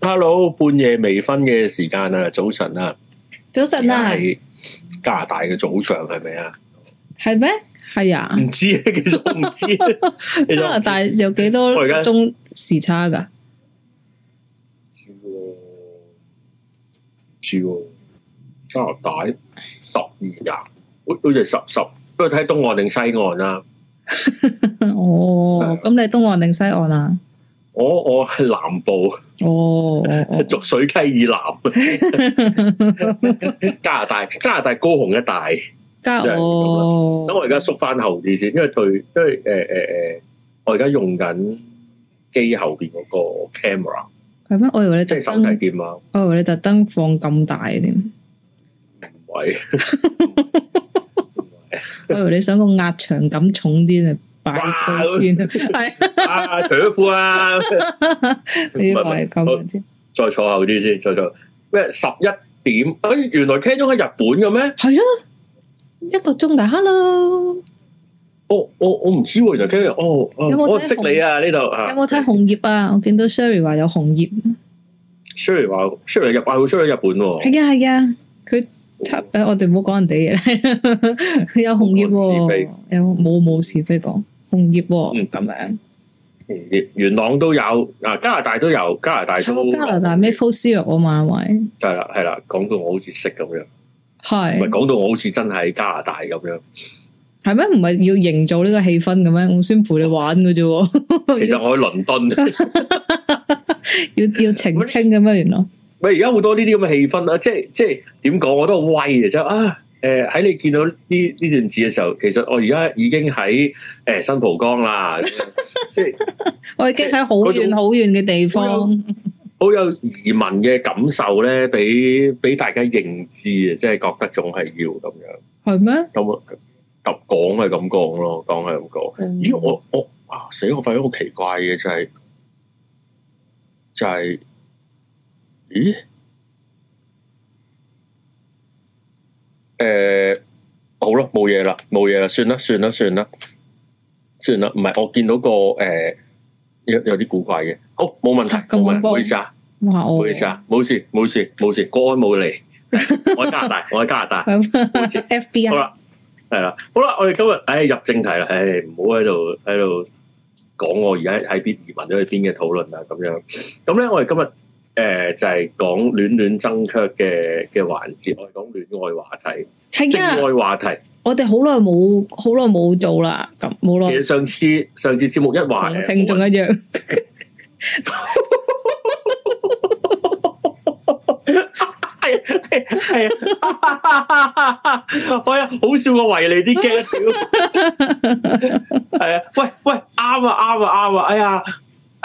hello，半夜未瞓嘅時間啊，早晨，了早晨啊，早晨啊，加拿大嘅早上係咪啊？係咩、哦？係啊？唔知啊，其實我唔知。加拿大有幾多鐘時差噶？唔知喎，唔知喎。加拿大十二日，好似十十，不過睇東岸定西岸啦。哦，咁你東岸定西岸啊？ 哦我我係南部，哦，係、哦、濁 水溪以南。 加拿大，加拿大高雄一帶。加哦，等我而家縮翻後啲先，因為佢，因為誒誒誒，我而家用緊機後邊嗰個 camera。係咩？我以為你即係手提電腦，啊。哦，我以為你特登放咁大點？喂，我以為你想個壓場感重啲啊？哇！係啊，扯褲啊！你唔係咁樣先，再坐後啲先，再坐咩？十一點，哎，原來聽咗喺日本嘅咩？係咯，一個鐘噶，hello。哦，我我唔知喎，原來聽日，哦哦，我識你啊呢度，有冇睇紅葉啊？我見到 Sherry 話有紅葉，Sherry 話 Sherry 日八號，佢出去日本喎。係啊係啊，佢插，我哋唔好講人哋嘢啦。有紅葉，有冇冇是非講？紅葉喎、啊，咁樣。紅、嗯、元朗都有，加拿大都有，加拿大都加拿大咩 Apple Cider 啊嘛，係係啦，係啦，講到我好似識咁樣，係唔係？講到我好似真係加拿大咁樣，係咩的？唔係要營造呢個氣氛咁樣？我先陪你玩嘅啫、啊。其實我喺倫敦， 要要澄清嘅咩？原來，喂，而家好多呢啲咁嘅氣氛啊，即係即係點講？我都好威嘅啫啊！誒，喺、呃、你見到呢呢段字嘅時候，其實我而家已經喺誒、呃、新蒲崗啦，即係、 欸、我已經喺好遠好遠嘅地方，好有， 有移民嘅感受咧，俾俾大家認知啊，即係覺得仲係要咁樣，係咩嗎？咁啊、嗯，特講係咁講咯，講係咁講。咦，我我啊死！我發現好奇怪嘅就係就係咦？誒、呃，好咯，冇嘢啦，冇嘢啦，算啦，算啦，算啦，算啦，唔係，我見到個誒、呃、有有啲古怪嘅，好冇問題，冇、啊、問題，唔我好意思啊，唔、okay、好意思啊，冇事冇事冇事，國安冇嚟。 我喺加拿大，我喺加拿大，冇事，好啦，係啦，好啦，我哋今日，唉、哎，入正題啦，唉、哎，唔好喺度喺度講我而家喺邊移民咗去邊嘅討論啊，咁樣，咁呢我哋今日。誒、呃，就係講戀戀爭執嘅嘅環節，我哋講戀愛話題，戀的愛話題，我哋好耐冇好耐冇做啦，咁冇耐。其實上次上次節目一話，聽眾一樣，係係啊，我有好笑個維尼啲驚，係啊，喂喂，啱啊，啱啊，啱啊，哎呀！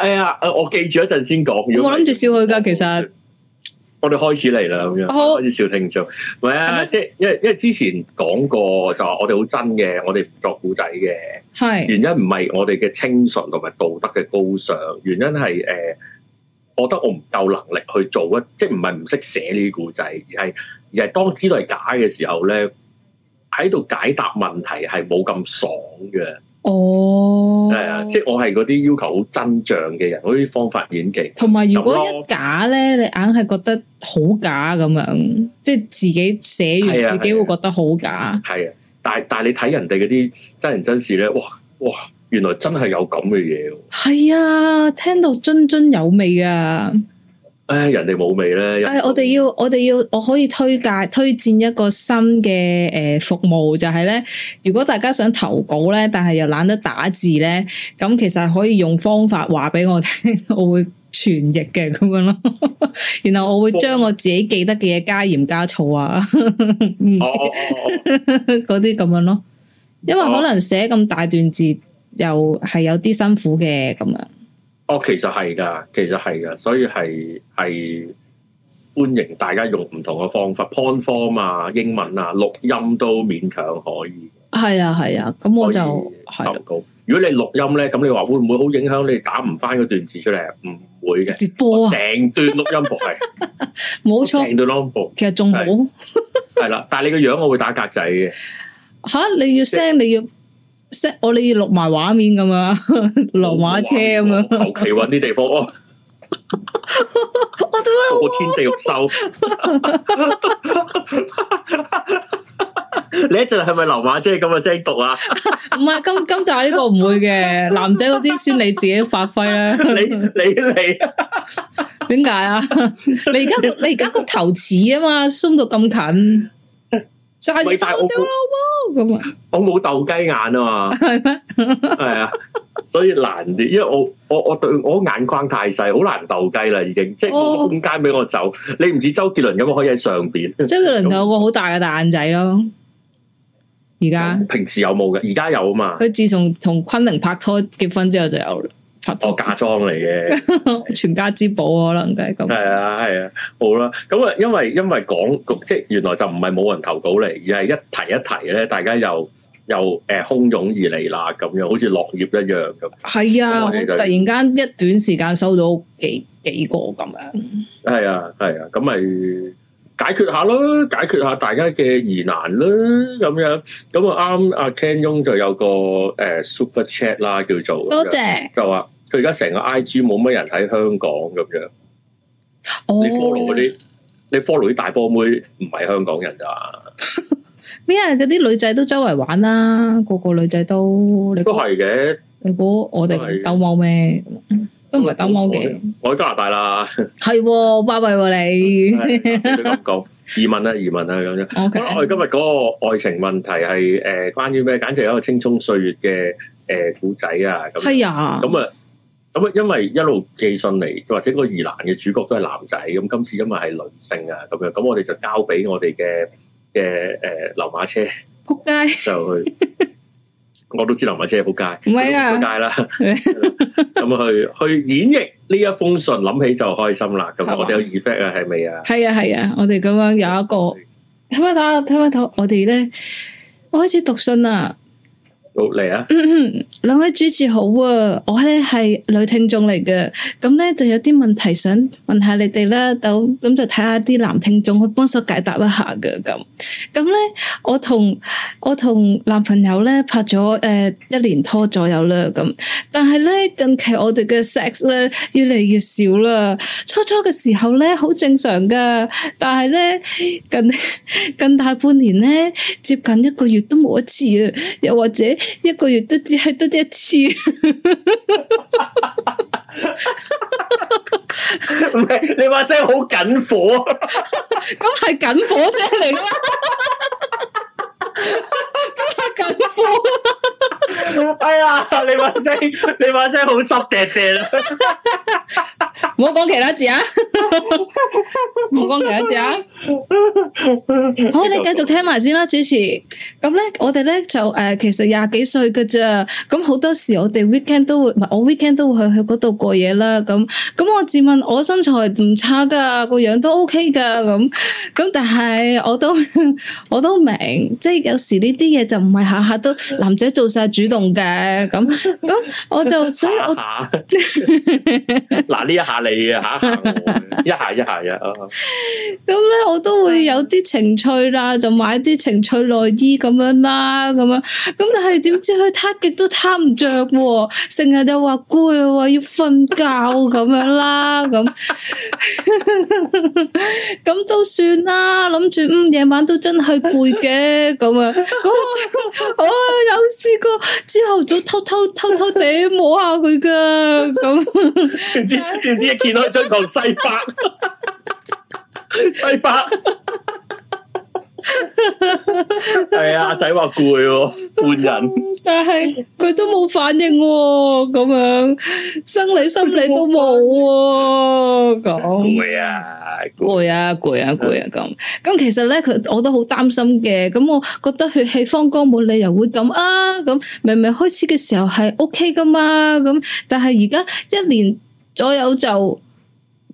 哎呀！我記住一陣先講。我諗住笑佢，㗎，其實我哋開始嚟啦，咁樣、oh. 開始笑聽眾。唔係啊，即係因為因為之前講過，就話我哋好真嘅，我哋唔作故仔嘅。係是原因唔係我哋嘅清純同埋道德嘅高尚，原因係誒，呃、我覺得我唔夠能力去做啊，即係唔係唔識寫呢啲故仔，而係而係當知道係假嘅時候咧，喺度解答問題係冇咁爽嘅。哦，係啊，即係我係嗰啲要求好真像嘅人，嗰啲方法演技，同埋如果一假咧，就你硬係覺得好假咁樣，即係自己寫完自己會覺得好假。係啊，但係但係你睇人哋嗰啲真人真事咧，哇哇，原來真係有咁嘅嘢。係啊，聽到津津有味啊！哎、人哋冇味咧。唉、哎，我哋要，我哋要，我可以推介，推薦一個新嘅，誒、呃、服務。就係、是、咧，如果大家想投稿咧，但係又懶得打字咧，咁其實可以用方法話俾我聽， 我會傳譯嘅咁樣咯。然後我會將我自己記得嘅嘢加鹽加醋 啊，嗰啲咁樣咯，因為可能寫咁大段字啊啊，又係有啲辛苦嘅咁樣。我其實係㗎，其實係㗎，所以係係歡迎大家用唔同嘅方法，point form 啊、英文啊、錄音都勉強可以。係啊，係啊，咁我就係的如果你錄音咧，咁你話會唔會好影響你打唔返嗰段字出嚟？唔會嘅，直播成、啊、段錄音簿係冇錯，成段錄音簿其實仲好。係啦是， 但係你個樣我會打格仔嘅。嚇！你要聲，即你要。即係我哋要錄埋畫面咁啊，流馬車啊嘛，求其揾啲地方，我做乜咯？我天死個收，你一陣係咪流馬車咁嘅聲讀啊？唔係， 今今集呢個唔會嘅，男仔嗰啲先你自己發揮啊。 你你你，點解啊？你而家你而家個頭似啊嘛，zoom 到咁近。就係鬥雕囉咁啊！我冇鬥雞眼啊嘛，係咩是嗎？係 啊，所以難啲，因為我我我對我眼眶太細，好難鬥雞啦，已經即係空間俾我走。哦、你唔似周杰倫咁我可以喺上邊。周杰倫有個好大嘅大眼仔咯，而家、嗯、平時有冇嘅？而家有啊嘛。佢自從同昆凌拍拖結婚之後就有啦。我假裝嚟嘅， 哦、 全家之寶可能嘅咁。係啊，係啊，好啦，咁啊，因為因為講即係原來就唔係冇人投稿嚟，而係一提一提咧，大家又又誒洶湧而嚟啦，咁樣好似落葉一樣咁。係啊，突然間一段時間收到幾幾個咁樣。係、嗯、啊，係啊，咁咪。解決下咯，解決下大家嘅疑難啦，咁樣咁啊啱。阿 Ken 翁就有個誒、欸、super chat 啦，叫做多謝，謝，就話佢而家成個 IG 冇乜人喺香港咁樣。你 follow 嗰啲，oh、你 follow 啲大波妹唔係香港人咋？咩 啊？嗰啲女仔都周圍玩啦，個個女仔都你都係嘅。你估我哋兜冇咩？都唔係等我嘅，我喺加拿大啦。係，巴閉喎你。咁講移民啊，移民啊咁樣。 我哋、啊啊、Okay. 今日嗰個愛情問題係誒、呃、關於咩？簡直係一個青蔥歲月嘅誒古仔啊。係啊。咁啊咁啊，因為一路寄信嚟，或者個疑難嘅主角都係男仔，咁今次因為係女性啊，咁樣咁我哋就交俾我哋嘅嘅誒流馬車。扑街。就去 我都知道林慧車好仆街啊，唔係啊，好仆街啦，咁、啊、 去去演繹呢一封信，諗 起就開心啦。咁 我哋有 effect 是是啊，係咪啊？係啊，係啊，我哋咁樣有一個，睇返睇？睇返睇？我哋咧，我開始讀信啦。好嚟啊！兩、嗯、位主持好啊，我咧係女聽眾嚟嘅，咁咧就有啲問題想問下你哋啦，就咁就睇下啲男聽眾去幫手解答一下嘅咁。咁咧，我同我同男朋友咧拍咗誒、呃、一年拖左右啦，咁但係咧近期我哋嘅 sex 咧越嚟越少啦。初初嘅時候咧好正常噶，但係咧近近大半年咧接近一個月都冇一次啊，又或者。一個月都只係得一次 唔係，你話聲好緊火，咁係緊火聲嚟噶嘛？咁辛苦，哎呀！你把聲，你把聲好濕嗲嗲啦，唔好講其他字啊，唔好講其他字啊。好，你繼續聽埋先啦，主持。咁咧，我哋咧就誒，其實廿幾歲嘅咋。咁好多時我哋 weekend 都會，唔係我 weekend 都會去去嗰度過夜啦。咁咁，我自問我身材唔差噶，個樣都 OK 噶。咁咁，但係我都 我都明，即係。有時呢啲嘢就唔係下下都男仔做晒主動嘅，咁咁我就所以我嗱呢一下嚟啊，一下一下啊，咁、啊、咧我都會有啲情趣啦，就買啲情趣內衣咁樣啦，咁樣咁但係點知佢撻極都撻唔着，成日就話攰話要瞓覺咁樣啦，咁咁 都算啦，諗住嗯夜晚都真係攰嘅咁。咁 我有試過，之後就偷偷偷偷地摸下佢噶，咁點 知點 知一見佢出嚟西伯， 西伯。係啊，仔話攰換人，但係佢都冇反應咁樣，生理心理都冇喎。咁攰啊，攰啊，攰啊，攰啊，咁咁其實咧，佢我都好擔心嘅，咁我覺得血氣方剛冇理由會咁啊，咁明明開始嘅時候係 OK 㗎嘛，咁但係而家一年左右就。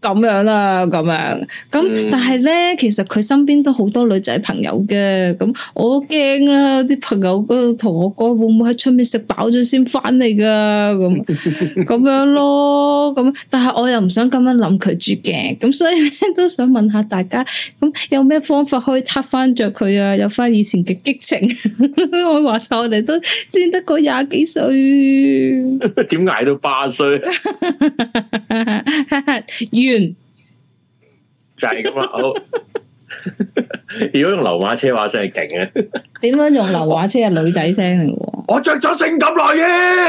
咁樣啦、啊，咁樣咁，但係咧，嗯、其實佢身邊都好多女仔朋友嘅，咁我驚啦、啊，啲朋友嗰度同我講，會唔會喺出面食飽咗先翻嚟噶？咁咁樣咯，咁 但係我又唔想咁樣諗佢住嘅，咁所以呢都想問下大家，咁有咩方法可以撻翻着佢啊？有翻以前嘅激情？ 我話晒我哋都先得過廿幾歲，點挨到八歲？ 完 就係咁啊！好， 如果用流馬車話車話聲係勁啊！點樣用流馬車啊？女仔聲嚟喎，我着咗性感內衣嘅！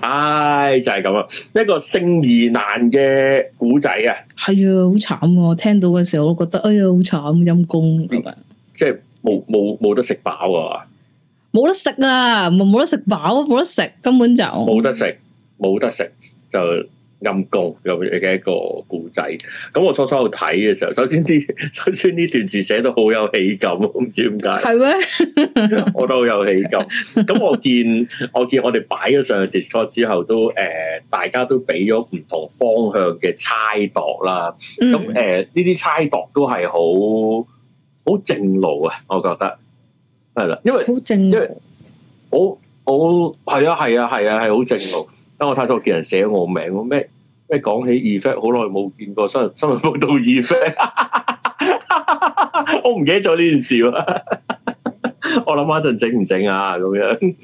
唉，就係咁啊！一個性疑難嘅古仔啊，係啊，好慘啊！聽到嘅時候，我都覺得哎呀，好慘，陰公咁啊，嗯、吧即係冇冇冇得食飽啊！冇得食啊！冇冇得食飽，啊，冇得食，根本就冇得食，冇得食就暗宮咁樣嘅一個故仔。咁我初初去睇嘅時候，首先啲首先呢段字寫得好有喜感，唔知點解係咩？是嗎 我都好有喜感。咁我，我見我見我哋擺咗上 discord 之後，都誒、呃，大家都俾咗唔同方向嘅猜度啦。咁誒、嗯，呢啲、呃、猜度都係好好正路啊，我覺得。係啦，因為好正因為我我係啊係啊係啊係好正路，啊我太多見人寫我名，咩咩講起 effect 好耐冇見過，新新聞報道 effect， 我唔記得咗呢件事啦，我諗下陣整唔整啊咁樣，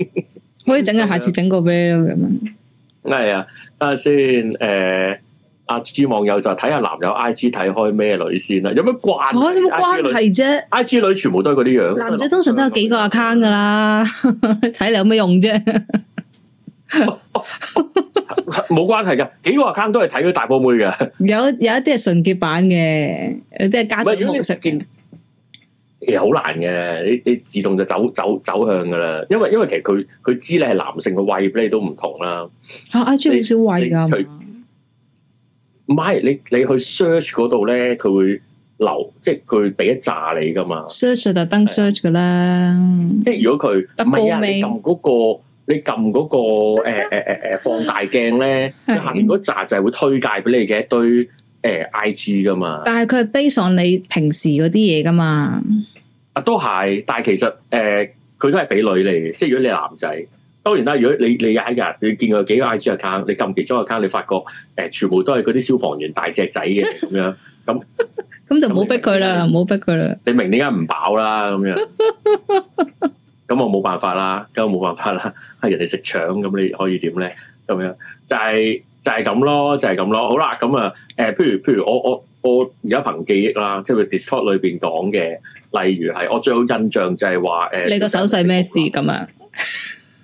可以整啊，下次整過俾你咯咁啊，係啊的，等下先誒。I G 網友就睇下男友 I G 睇開咩女先啦，有咩關係？哦、啊，有冇關係啫？I G 女、啊、IG 女全部都係嗰啲樣，男仔通常都有幾個 account 噶啦，睇你有咩用啫？冇關係噶，幾個 account 都係睇佢大波妹嘅。有一純潔有一啲係純潔版嘅，即啲係家庭模式其實好難嘅，你你自動就走走走向噶啦，因為因為其實佢佢知你係男性，嘅喂俾你都唔同啦。I G 好少喂噶。唔係你你去 search 嗰度咧，佢會留，即係佢俾一紮你噶嘛。search 就登 search 噶啦。即係如果佢唔係啊，你撳嗰、那個，你撳嗰、那個誒誒誒誒放大鏡咧，下面嗰扎就係會推介俾你嘅一堆誒、呃、I G 噶嘛。但係佢係悲 a 你平時嗰啲嘢噶嘛。啊，都係，但係其實誒，佢、呃、都係俾女嚟嘅，即係如果你是男仔。當然啦，如果你你有一日你見過幾個 I G account，你撳其中一個 account，你發覺誒、呃、全部都係嗰啲消防員大隻仔嘅咁樣，咁咁 就唔好逼佢啦，唔好你逼佢啦。你明點解唔飽啦？咁樣咁 我冇辦法啦，咁我冇辦法啦，係人哋食腸咁，你可以點咧？咁樣就係、是、就係、是、咁咯，就係、是、咁咯。好啦，咁啊誒，譬如譬如我我我而家憑記憶啦，即係 Discord 裏邊講嘅，例如係我最好印象就係話你個手勢咩、呃、事咁啊？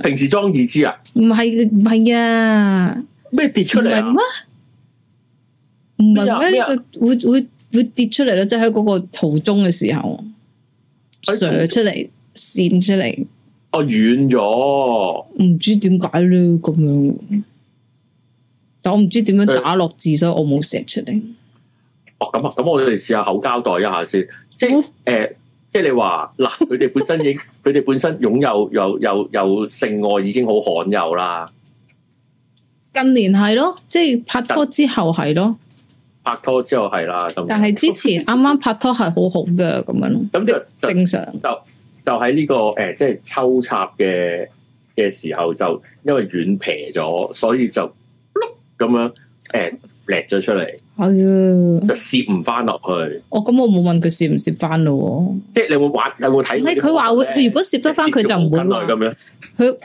平時裝耳支啊？唔係唔係啊？咩跌出嚟明咩？唔明咩？呢、啊、個會、啊、會會，會跌出嚟咯，即係喺嗰個途中嘅時候，射、欸、出嚟，線、啊、出嚟。哦、啊，軟咗。唔知點解咧咁樣？但我唔知點樣打落字，欸、所以我冇寫出嚟。哦，咁啊，咁我哋試下口交代一下先，即誒。很欸即係你話嗱，佢哋本身已經佢哋 本身擁有又又又性愛已經好罕有啦。近年係咯，即係拍拖之後係咯，拍拖之後係啦。但係之前啱啱拍拖係好好嘅，咁樣咁就，就，就正常就。就就喺呢個誒、呃，即係抽插嘅嘅時候就，就因為軟皮咗，所以就碌咁樣誒 f 咗出嚟。係啊，就攝唔翻落去。我咁我冇問佢攝唔攝翻咯。即係你會玩，有冇睇？佢話會，如果攝得翻，佢就唔會咯咁樣。佢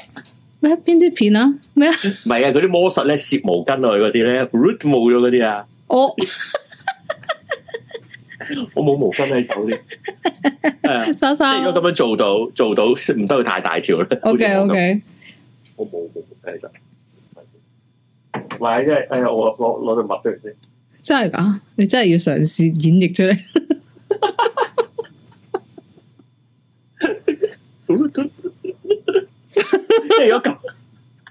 咩？邊啲片啊？咩啊？唔係啊！嗰啲魔術咧，攝毛巾落去嗰啲咧，root 冇咗嗰啲啊！我我冇毛巾喺手啲。莎莎，如果咁樣做到做到，唔得佢太大條啦。OK OK，我冇冇其實，喂即係，哎呀，我攞攞對襪對先。真係噶你真係要嘗試演繹出嚟。即 係 如果咁，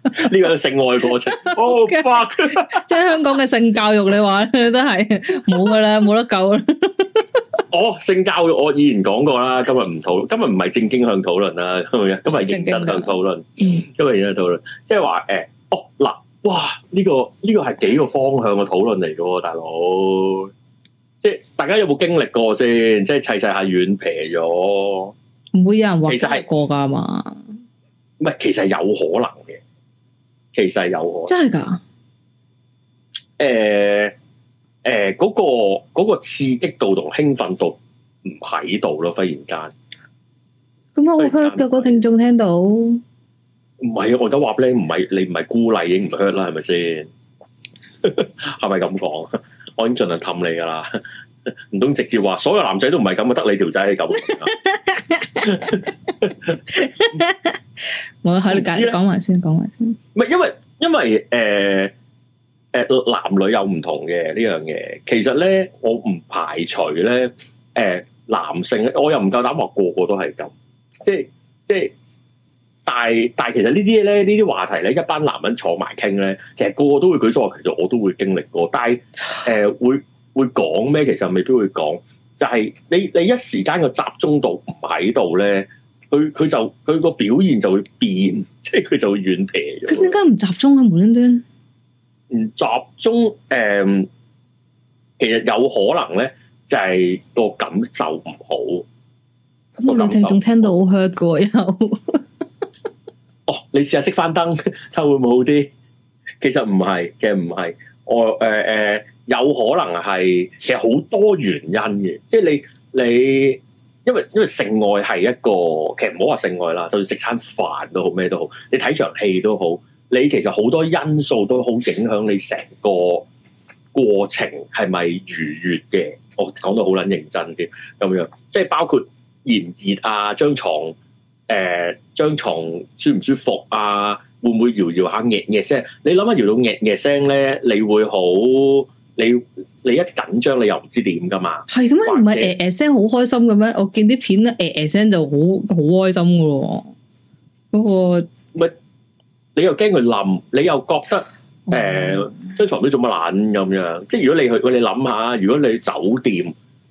呢個係性愛過程。Oh 即係香港嘅性教育，你話都係冇噶啦，冇得救啦。 哦，性教育我以前講過啦，今日唔討論，今日唔係正經向討論，就是呃哦，啦。今日今日認真向討論，今日認真討論，即係話誒，哦嗱。哇！呢、這個呢、這個係幾個方向嘅討論嚟嘅，大佬，即係大家有冇經歷過先？即係齊齊下遠軟皮咗，唔會有人話其實係過噶嘛？唔係，其實有可能嘅，其實有可能。真係噶？誒、欸、誒，嗰、那個、那個刺激度同興奮度唔喺度咯，忽然間。咁好 hurt 㗎，嗰聽眾聽到。唔係啊，我而家話唔係你唔係孤立已經唔 hurt 啦，係咪先？係咪咁講？ 我已經盡量氹你噶啦，唔通，直接話所有男仔都唔係咁，得你條仔係咁。我喺度講完先，講完先。唔係因為因為誒誒、呃呃，男女有唔同嘅呢樣嘢。其實咧，我唔排除咧，誒、呃，男性我又唔夠膽話個個都係咁，即係即係。但係但係，其實呢啲咧，呢啲話題咧，一班男人坐埋傾咧，其實個個都會舉手。其實我都會經歷過，但係誒、呃、會會講咩？其實未必會講。就係、是、你你一時間嘅集中度唔喺度咧，佢佢就佢個表現就會變，即係佢就會軟皮咗。咁點解唔集中啊？無端端唔集中誒，其實有可能咧，就係個感受唔好。咁女聽眾聽到好 hurt 噶又。哦、你試下熄翻燈，睇會唔會好啲？其實唔係，其實唔係，我誒誒、呃呃、有可能係，其實好多原因嘅。即係你你，因為因為性愛係一個，其實唔好話性愛啦，就算食餐飯都好，咩都好，你睇場戲都好，你其實好多因素都好影響你成個過程係咪愉悅嘅。我講到好撚認真嘅咁樣，即係包括熱唔熱啊，張床。誒，張、呃、床舒唔舒服啊？會唔會搖搖下嘅嘢聲？你諗下搖到嘅嘢聲咧，你會好你你一緊張你又唔知點噶嘛係咁咩？唔係誒誒聲好開心嘅咩？我見啲片誒誒聲就好好開心噶咯。嗰、嗰個乜？你又驚佢冧？你又覺得誒張、呃、床都做乜卵咁樣？即係如果你去喂，你諗下，如果你去酒店。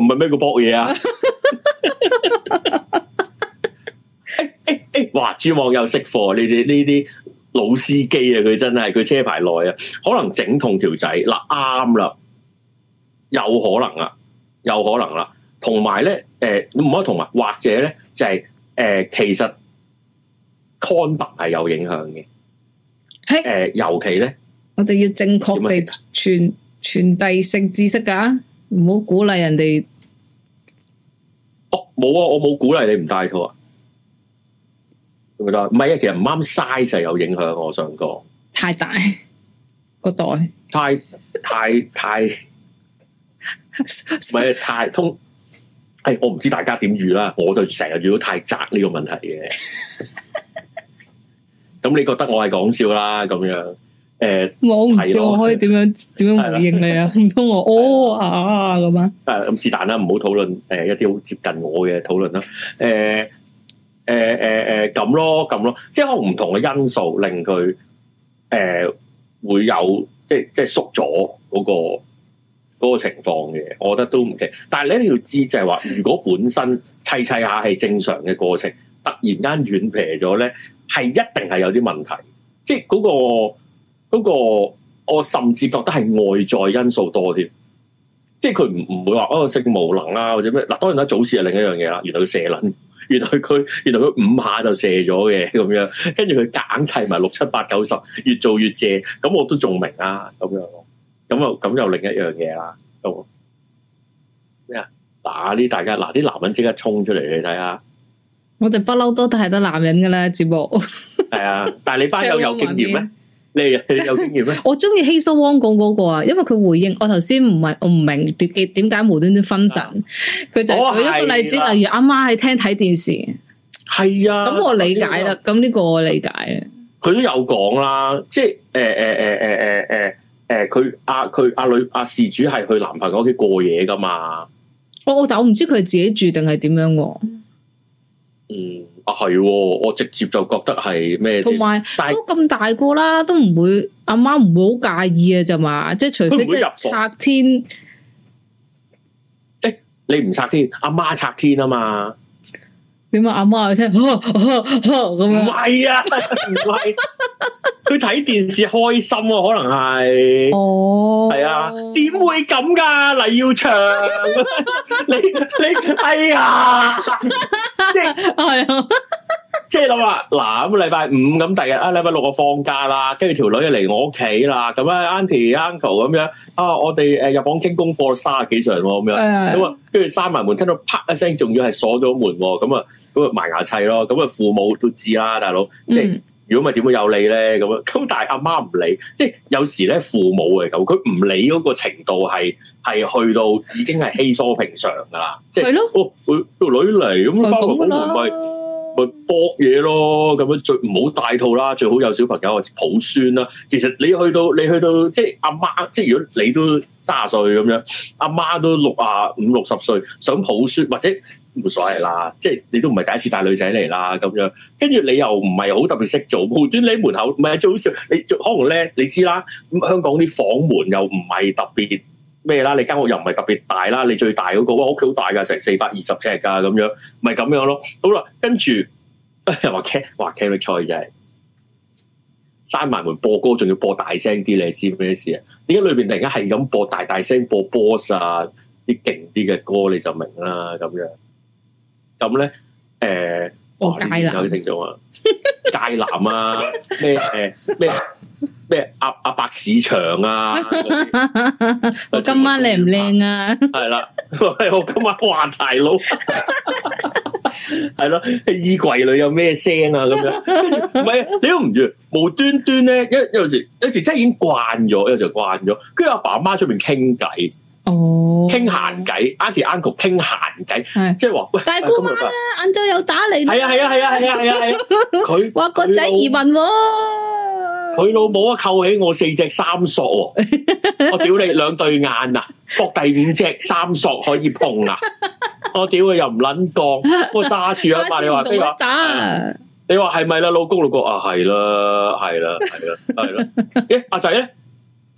唔係咩個博嘢啊？誒誒誒！哇、哎，專網友識貨，你哋呢啲老司機啊，佢真係佢車牌耐啊，可能整痛條仔嗱啱啦，有可能啦，有可能啦。同埋咧，誒唔可以同埋，或者咧就係、是、誒、呃，其實 con 白係有影響嘅，誒 Hey,、呃、尤其咧，我哋要正確地傳傳遞性知識噶、啊。唔好鼓勵人哋。哦，冇啊，我冇鼓勵你唔戴套啊。咁咪得？唔係啊，其實唔啱 size 有影響。我上個太大個袋，太太太唔係太通。誒，我唔知大家點預啦，我就成日遇到太窄呢個問題嘅。咁 你覺得我係講笑啦？咁樣。誒，冇唔知我可以點樣點的樣回應你啊？唔通的我的哦？啊，咁樣？誒，咁是但啦，唔好討論誒，一啲好接近我嘅討論啦。誒、呃，誒誒誒，咁、呃、咯，咁咯，即係可能唔同嘅因素令佢誒、呃、會有即係即係縮咗嗰個、嗰個情況嘅，我覺得都唔奇，但係你一定要知就，就係話如果本身砌砌下係正常嘅過程，突然間軟皮咗咧，係一定係有啲問題，即係嗰、嗰個。不過、嗰個我甚至覺得係外在因素多啲，即係佢唔唔會話哦性無能啊或者咩嗱，當然啦，早洩係另一樣嘢啦。原來佢射撚，原來佢原來佢五下就射咗嘅咁樣，跟住佢夾硬砌埋六七八九十，越做越借。咁我都仲明啊咁樣咁又咁又另一樣嘢啦。咁咩啊？嗱啲大家嗱啲、啊、男人即刻衝出嚟，你睇下，我哋不嬲都睇得男人噶啦節目。係 啊，但係你班友有，有經驗咩？你你有經驗咩？ 我中意希蘇汪講嗰、嗰個啊，因為佢回應我頭先唔係我唔明點點解無端端分神，佢、啊、就係舉一個例子，啊、例如阿媽喺廳睇電視，係啊，咁我理解啦，咁呢了個我理解佢都、欸欸欸欸、佢啊。佢都有講啦，即係誒誒誒誒誒誒佢阿佢阿女阿、啊、事主係去男朋友屋企過夜噶嘛？我但我唔知佢自己住定係點樣喎。嗯。啊係，我直接就覺得係咩？同埋有是都咁大個啦，都唔會，阿媽唔會好介意啊，就話即係除非即係拆天。誒、欸，你唔拆天，阿媽拆天啊嘛。點阿媽佢聽，咁唔係啊，唔係佢睇電視開心啊，可能係哦，係、oh. 啊，點會咁噶、啊？黎耀祥， 你你哎呀， 即係係 啊，即係諗啦，嗱咁禮拜五咁第日啊禮拜六我放假啦，跟住條女嚟我屋企啦，咁啊 Auntie Uncle 咁樣，樣啊，我哋誒入房傾功課卅幾場咁樣，咁啊的，跟住閂埋門聽到啪一聲，仲要係鎖咗門，咁啊。咁埋牙砌咯！咁啊，父母都知啦，大佬。即係如果咪點會有你咧？咁啊、嗯，咁但係阿媽唔理，即係有時咧，父母嚟咁佢唔理嗰個程度係係去到已經係稀疏平常噶啦。係咯的。哦，條女嚟咁，咁會唔會會搏嘢咯？咁樣最唔好戴套啦，最好有小朋友抱孫啦。其實你去到你去到即係阿媽，即係如果你都卅歲咁樣，阿媽都六啊五六十歲，想抱孫或者。冇所謂啦，即係你都唔係第一次帶女仔嚟啦，咁樣跟住你又唔係好特別識做，無端喺門口，唔係最好笑，你可能咧，你知啦。咁香港啲房門又唔係特別咩啦，你間屋又唔係特別大啦，你最大嗰個屋企好大㗎，成四百二十尺㗎咁樣，咪咁樣咯。好啦，跟住又話 Catch，話 Catch 嘅菜就係閂埋門播歌，仲要播大聲啲，你知咩事啊？點解裏邊突然間係咁播大大聲播 boss 啊？啲勁啲嘅歌你就明啦，咁樣。咁咧，誒有啲聽眾啊，芥南啊，咩咩咩阿阿伯市場啊，啊我今晚靚唔靚啊？係啦，我今晚話大佬，係咯， 衣櫃裏有咩聲啊？咁樣跟住唔係啊，你都唔住，無端端咧，一有時有時真係已經慣咗，有時，有時慣咗，跟住阿爸阿媽出邊傾偈。哦，傾閒偈，aunty uncle 傾閒偈，即係話喂，大姑媽呀，晏晝又打你，係啊係啊係啊係啊係啊，佢話個仔移民喎，佢老母啊扣起我四隻三索喎，我屌你兩對眼啊，搏第五隻三索可以碰啊，我屌佢又唔撚降，我揸住啊嘛，你話即係話，你話係咪啦老公老公啊係啦係啦係啦係啦，咦阿仔咧？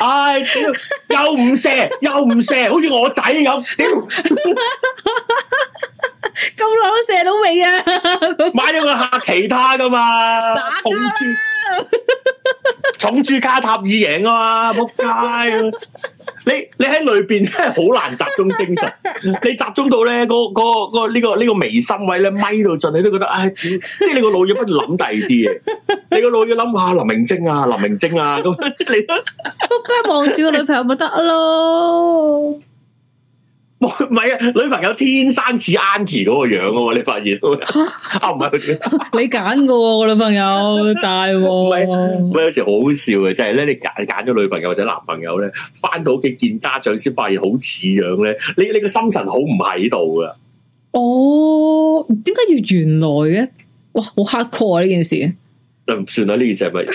唉，屌！又唔射，又唔射，好似我仔咁，屌！咁耐都射到未啊！買咗個下其他㗎嘛，打重住珠， 重住卡塔爾贏啊嘛！仆街、啊、你你喺裏邊真係好難集中精神， 你集中到咧嗰嗰呢、這個呢、這個眉心位咧咪到盡，你都覺得唉、哎嗯，即係你個腦要不如諗第二啲嘢？ 你個腦要諗下林明晶啊，林明晶啊咁，仆街！望住個女朋友咪得咯～唔係啊，女朋友天生似 aunty 嗰個樣子啊，你發現？吓啊，唔係你揀過我女朋友 大喎了、啊。喂，有時好好笑嘅，即係咧，你揀揀咗女朋友或者男朋友咧，翻到屋企見家長先發現好似樣咧，你你個心神好唔喺度噶。哦，點解要原來嘅？哇，好 hardcore 啊呢件事、啊。算啦呢、啊、 件事係咪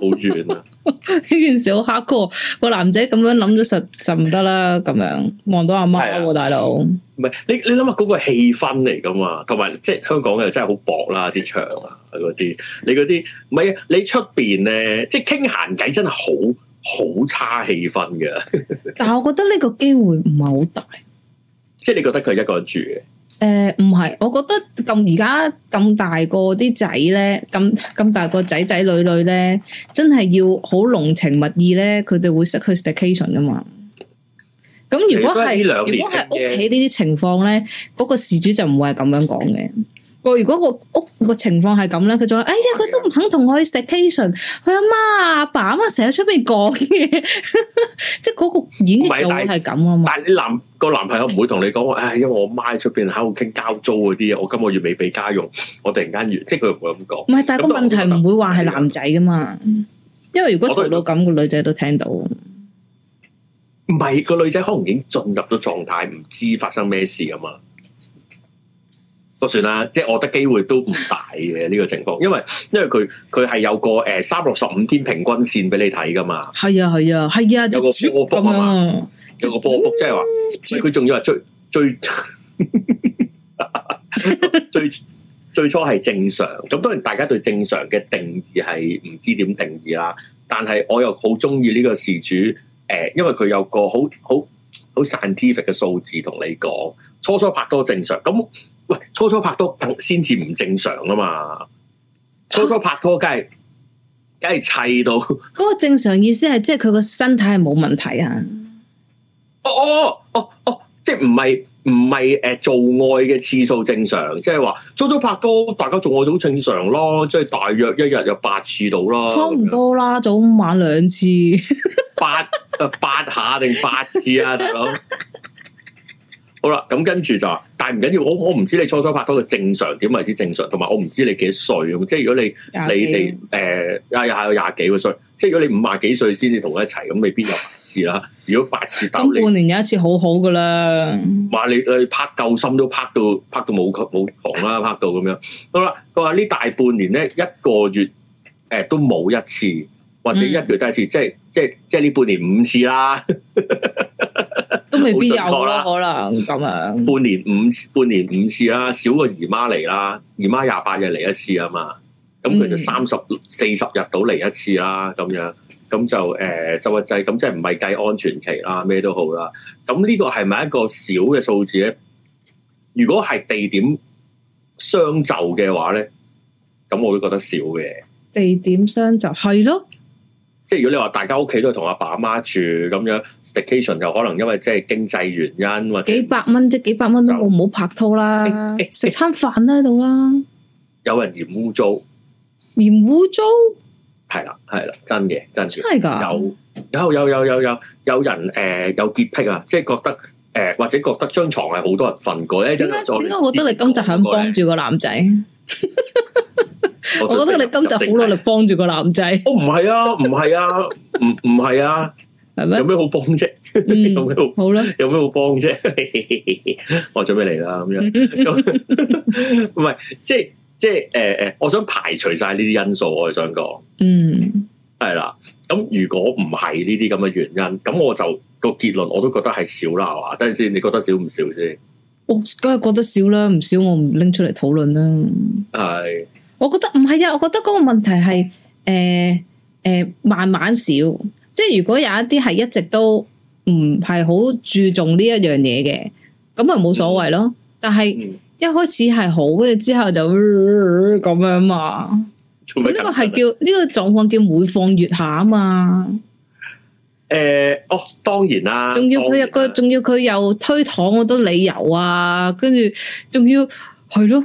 好遠啊？呢件事好黑，哥，想想個男仔咁樣諗咗實就唔得啦，咁樣望到阿媽喎大佬。唔係你你諗下嗰個氣氛嚟噶嘛？同埋即係香港又真係好薄啦啲牆啊，嗰啲你嗰啲唔係啊？你出邊咧即係傾閒偈真係好好差氣氛嘅。 但係我覺得呢個機會唔係好大，即係你覺得佢一個人住嘅。誒，唔係、呃，我覺得咁而家咁大個啲仔咧，咁咁大個仔仔女女咧，真係要好濃情蜜意咧，佢哋會去 staycation 噶嘛？咁如果係如果係屋企呢啲情況咧，嗰的個事主就唔會係咁樣講嘅。我如果個屋個情況係咁咧，佢仲話哎呀，佢都唔肯同我去 station，佢阿媽阿爸咁啊，成日出邊講嘢，即係嗰個演繹就會係咁啊嘛。但係你男個男朋友唔會同你講話，唉，因為我媽喺出邊喺度傾交租嗰啲啊，我今個月未俾家用，我突然間完，即係佢唔會咁講。唔係，但係個問題唔會話係男仔噶嘛，因為如果嘈到咁，個女仔都聽到。唔係個女仔可能已經進入咗狀態，唔知道發生咩事啊嘛。都算啦，即、就、係、是、我覺得機會都唔大嘅呢、這個情況，因為因為佢佢係有個誒三六十五天平均線俾你睇噶嘛。係啊係啊係啊，是啊是啊有個波幅啊嘛，啊有個波幅即係話佢仲要係最最 最最初係正常。咁當然大家對正常嘅定義係唔知點定義啦，但係我又好中意呢個事主誒、呃，因為佢有個好好好 scientific 嘅數字同你講，初初拍拖正常咁。初初拍拖先至唔正常啊嘛，初初拍拖梗係梗係砌到，嗰、哦、個正常的意思係即係佢個身體係冇問題啊。哦哦哦哦，即係唔係唔係誒做愛嘅次數正常，即係話初初拍拖大家做愛都正常咯，即係大約一日有八次到啦，差唔多啦，後早晚兩次， 八、呃、八下定八次啊，大佬。 好啦，咁跟住就，但係唔緊要，我我唔知你初初拍拖嘅正常點為之正常，同埋我唔知你幾歲，即係如果你多你哋誒又有廿幾歲，即係如果你五廿幾歲先至同佢一齊，咁未必有八次啦。如果八次你，你半年有一次好，好好噶啦。話你誒拍夠心都拍到拍到冇冇窮啦，拍到咁樣。好啦，佢話呢大半年咧一個月誒、呃、都冇一次，或者一個月得一次，嗯、即即係即係呢半年五次啦。 都未必有啦，啦可能咁樣。半年五半年五次啦，少過姨媽嚟啦，姨媽廿八日嚟一次啊嘛，咁佢就三十四十日度嚟一次啦，咁、嗯、樣咁就誒周屈制，咁即係唔係計安全期啦，咩都好啦。咁呢個係咪一個少嘅數字咧？如果係地點相就嘅話咧，咁我都覺得少嘅。地點相就係咯。即係如果你話大家屋企都係同阿爸阿媽住咁樣，Staycation 就可能因為即係經濟原因或者幾百蚊即幾百蚊都冇唔好拍拖啦，食餐飯都喺度啦。有人嫌污糟，嫌污糟，係啦係啦，真嘅真嘅，真係噶有有有有有有有人誒有潔癖啊，即係覺得誒、呃、或者覺得張床係好多人瞓過，點解點解我覺得你今集肯幫住個男仔？ 我，備我覺得你今集好努力幫住個男仔。 哦，我唔係啊，唔係啊，唔唔係啊，係咪？ 啊、嗎有咩好幫啫？有咩好？好啦，有咩好幫啫？我準備嚟啦，咁樣唔係即係即係誒誒，我想排除晒呢啲因素，我想講，嗯，係啦。咁如果唔係呢啲咁嘅原因，咁我就、嗰個結論我都覺得係少啦，係嘛？等陣先，你覺得少唔少先？我梗係覺得少啦，唔少我唔拎出嚟討論啦。係的，我覺得唔係啊，我覺得嗰個問題係，誒、呃、誒、呃，慢慢少，即係如果有一啲係一直都唔係好注重呢一樣嘢嘅，咁咪冇所謂咯。嗯、但係一開始係好，嘅，之後就咁樣啊。呢個係叫呢、這個狀況叫每況愈下啊嘛。誒、欸，哦，當然啦，仲要佢有佢，仲要佢又推搪好多理由啊，跟住仲要係咯，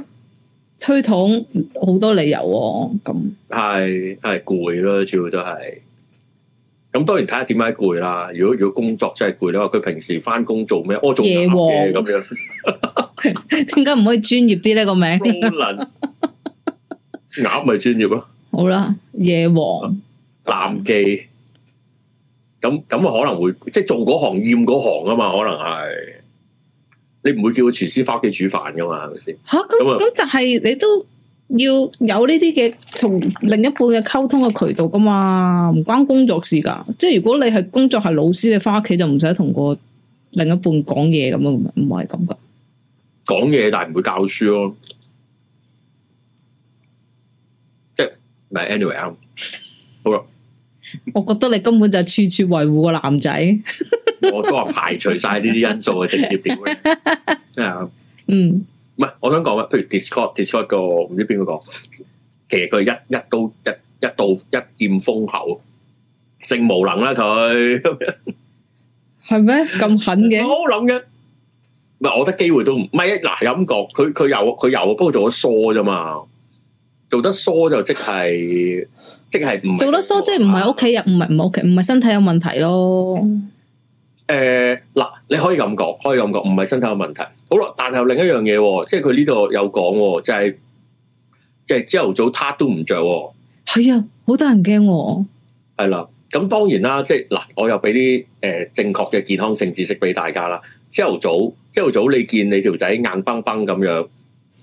推搪好多理由，啊，咁係係攰咯，主要都係咁。當然睇下點解攰啦。如果如果工作真係攰咧，話佢平時返工做咩？我、哦、做嘢黃咁樣，點解唔可以專業啲呢？個名 Roland, 鴨咪專業咯。好啦，夜王，男妓。咁咁啊，可能會即係做嗰行厭嗰行啊嘛，可能係你唔會叫佢廚師翻屋企煮飯噶嘛，係咪先？吓？咁咁但係你都要有呢啲嘅同另一半嘅溝通嘅渠道噶嘛，唔關工作事噶。即係如果你係工作係老師，你翻屋企就唔使同個另一半講嘢咁啊，唔係咁噶。講嘢但係唔會教書咯，哦。即、anyway, 係，例如 L，好啦。 我覺得你根本就處處維護個男仔，我、 哦、都話排除晒呢啲因素嘅 直接點咧，yeah. 嗯，唔係我想講嘅，譬如 Discord Discord，那個唔知邊，那個講，其實佢一一刀一一刀一劍封喉，性無能啦，佢係咩咁狠嘅？我諗嘅，唔係我得機會都唔係嗱，咁講佢，佢有佢有，有，有，不過做得疏啫嘛，做得疏就即係。 即係唔做得 show，即係唔係屋企人，唔係唔係屋企，唔係身體有問題咯。誒、嗯，嗱、呃，你可以咁講，可以咁講，唔係身體有問題。好啦，但係另一樣嘢，即係佢呢度有講，就係、是、就係朝頭早，撻都唔着。係啊，好多人驚。係啦、啊，咁當然啦，即係嗱、呃，我又俾啲誒正確嘅健康性知識俾大家啦。朝頭早，朝頭早，你見你條仔硬崩崩咁樣，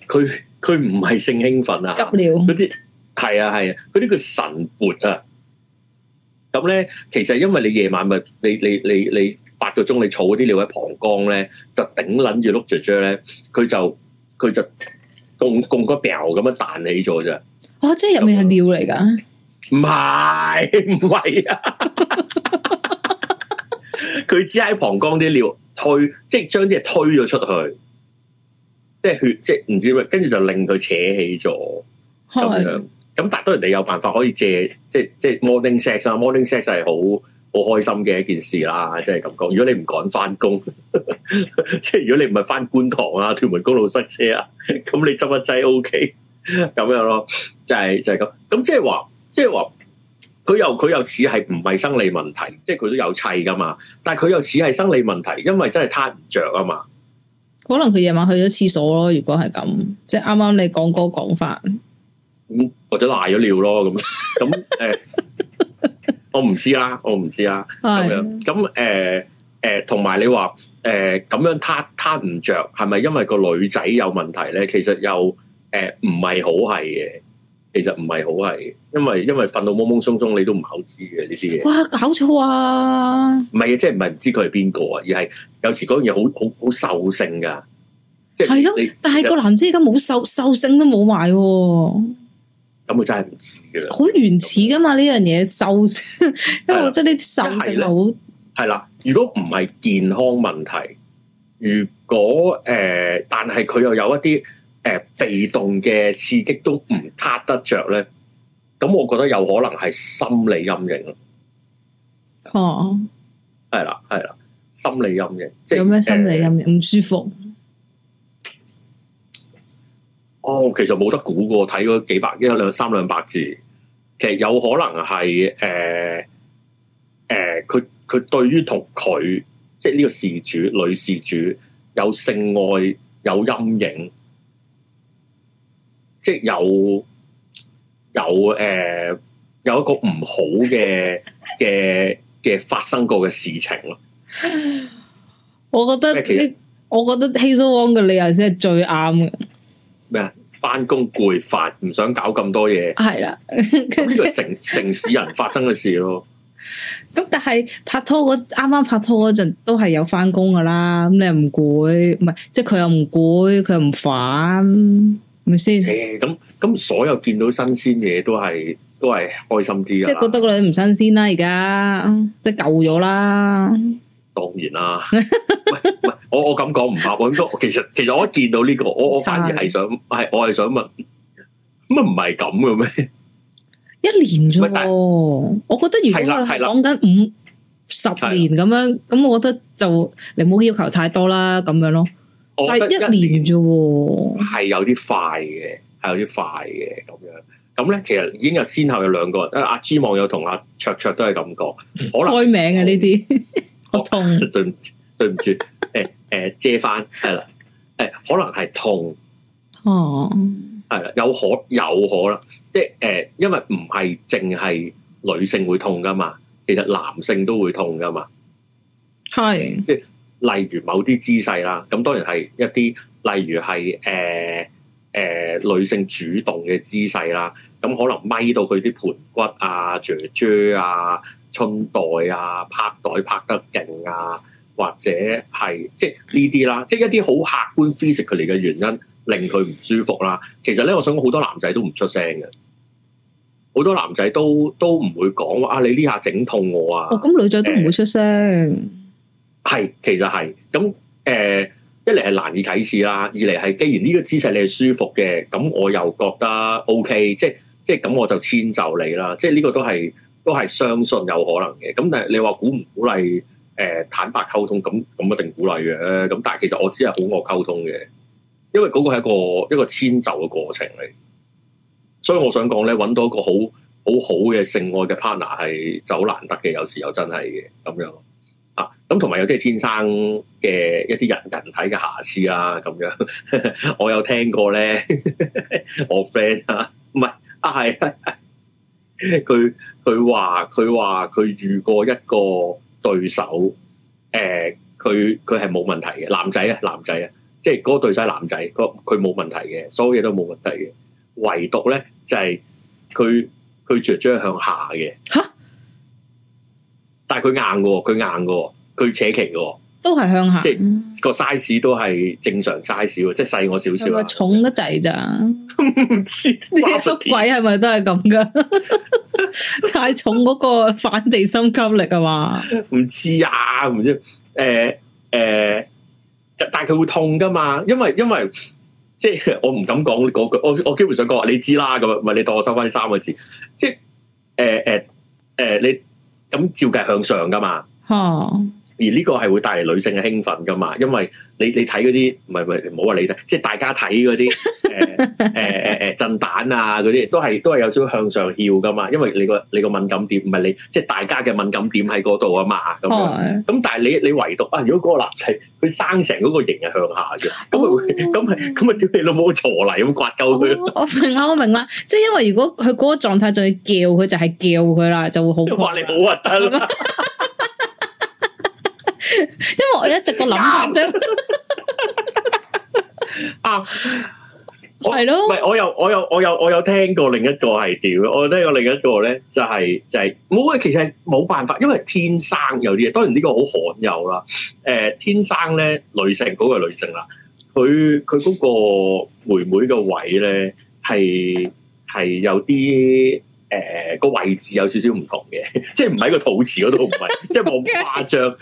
佢佢唔係性興奮啊？急尿嗰啲。係啊係啊，佢呢叫晨勃啊，咁，咧其實因為你夜晚咪你你你你八個鐘你儲啲尿喺膀胱咧，就頂捻住碌雀雀咧，佢就佢就貢貢個 ball 咁樣彈起咗咋？哦，即係入面係尿嚟噶？唔係唔係啊，佢只係喺膀胱啲尿推，即係將啲嘢推咗出去，即係血即係唔知咩，跟住就令佢扯起咗咁樣。咁但係當然你有辦法可以借即係即係 morning sex 啊，morning sex 係好好開心嘅一件事啦，即係咁講。如果你唔趕翻工， 即係如果你唔係翻觀塘啊，屯門公路塞車啊，咁你執一劑 OK，咁樣咯，就係、是、就係咁。咁即係話，即係話，佢又佢又似係唔係生理問題，即係佢都有砌㗎嘛。但係佢又似係生理問題，因為真係撻唔着啊嘛。可能佢夜晚去咗廁所咯。如果係咁，即係啱啱你講嗰個講法。嗯或者瀨咗尿咯，咁咁誒，我唔知啦、啊，我唔知啦，咁樣咁誒誒，同、欸、埋、欸、你話誒咁樣撻撻唔着，係咪因為個女仔有問題咧？其實又誒唔係好係嘅，其實唔係好係，因為因為瞓到懵懵鬆鬆，你都唔係好知嘅呢啲嘢。哇，搞錯啊！唔係啊，即係唔係唔知佢係邊個啊？而係有時嗰樣嘢好好好獸性噶，即係係咯。但係個男仔而家冇獸獸性都冇埋。咁佢真係唔似嘅啦，好原始噶嘛呢樣嘢，瘦色，的因為我覺得呢啲瘦食好係啦。如果唔係健康問題，如果誒、呃，但係佢又有一啲誒、呃、被動嘅刺激都唔撻得着咧，咁我覺得有可能係心理陰影哦，係啦係啦，心理陰影，即係有咩心理陰影唔即、呃、舒服？哦，其實冇得估過，睇嗰幾百一兩三兩百字，其實有可能係誒誒，佢、呃、佢、呃、對於同佢即係呢個事主女事主有性愛有陰影，即係有有誒、呃、有一個唔好嘅嘅嘅發生過嘅事情咯。我覺得其實我覺得 Hazel 嘅理由先係最啱嘅。咩？翻工攰，煩，唔想搞咁多嘢。係啦是的，呢 個城城市人發生嘅事咯。咁 但係拍拖嗰啱啱拍拖嗰陣都係有翻工噶啦。咁你又唔攰，唔係即係佢又唔攰，佢又唔煩，係咪先？咁咁、欸、所有見到新鮮嘢都係都係開心啲 啊！即係覺得個女唔新鮮啦，而家即係舊咗啦。當然啦。我我咁講唔怕，我咁多。其實其實我一見到呢、這個，我我反而係想係我係想問，咁啊唔係咁嘅咩？一年啫，是我覺得如果係講緊五,五十年咁樣，咁的我覺得就你唔好要求太多啦，咁樣咯。但係一年啫，係有啲快嘅，係有啲快嘅咁樣。咁咧其實已經有先後有兩個人，阿、啊、G 網友同阿、啊、卓卓都係咁講，好開名呀呢啲，哦、 好痛。對對唔住。 誒，遮翻係啦，誒，可能係痛，哦，係啦，有可有可能，即係誒，因為唔係淨係女性會痛噶嘛，其實男性都會痛噶嘛，係是，即係例如某啲姿勢啦，咁當然係一啲，例如係誒誒，女性主動嘅姿勢啦，咁可能咪到佢啲盆骨啊，j j 啊，春袋啊，拍袋拍得勁啊。或者係即係呢啲啦，即係一啲好客觀 physically 嘅原因，令佢唔舒服啦。其實咧，我想講好多男仔都唔出聲嘅，好多男仔都都唔會講話啊！你呢下整痛我啊！咁、哦、女仔都唔會出聲，係、欸、其實係咁誒。一嚟係難以啟齒啦，二嚟係既然呢個姿勢你係舒服嘅，咁我又覺得 OK，即係即係咁我就遷就你啦。即係呢個都係都係相信有可能嘅。咁但係你話鼓唔鼓勵？誒，坦白溝通咁咁一定鼓勵嘅，咁但係其實我只係好惡溝通嘅，因為嗰個係一個一個遷就嘅過程嚟，所以我想講咧，搵到一個好好好嘅性愛嘅 partner 係就好難得嘅，有時又真係嘅咁樣啊，咁同埋有啲天生嘅一啲人人體嘅瑕疵啊，咁樣 我有聽過咧，我 friend 啊，唔係啊係，佢佢話佢話佢遇過一個。對手，誒、呃，佢佢係冇問題嘅，男仔啊，男仔啊，即係嗰對手係男仔，佢冇問題嘅，所有嘢都冇問題嘅，唯獨咧就係佢佢着將向下嘅，吓哈，但係佢硬嘅，佢硬嘅，佢扯旗嘅，都係向下，即係個 size 都係正常 size，的、嗯、即係細我少少啦，是是重得滯咋，唔知啲縮鬼係咪都係咁噶？ 太重嗰個反地心吸力啊嘛，唔 知啊，唔知，誒、欸、誒、欸,但係佢會痛噶嘛，因為因為即係我唔敢講嗰句，我我基本上講話你知啦，咁咪你當我收翻呢三個字，即係誒誒誒，你咁照計向上噶嘛，哦。 而呢個係會帶嚟女性嘅興奮㗎嘛？因為你你睇嗰啲唔係唔係唔好話你睇，即係大家睇嗰啲誒誒誒震蛋啊嗰啲，都係都係有少少向上翹㗎嘛？因為你個你個敏感點唔係你，即係大家嘅敏感點喺嗰度啊嘛。咁咁，但係你你唯獨啊，如果個男仔佢生成嗰個形係向下嘅，咁咪咁咁咪屌你老母坐嚟咁刮鳩佢，哦。我明啦，我明啦，即係 因為如果佢嗰個狀態再叫佢就係叫佢啦，就會好刮你好核突啦。 因為我一直個諗法啫，啊，係咯，係我有，我有，我有我有聽過另一個係點，我聽過另一個咧就係、係、就係冇啊，其實冇辦法，因為天生有啲嘢，當然呢個好罕有啦。誒、呃，天生咧女性嗰、嗰個女性啦，佢佢嗰個妹妹個位咧係係有啲。誒，個、呃、位置有少少唔同嘅，即係唔喺個肚臍嗰度，唔係， 即係冇咁誇張，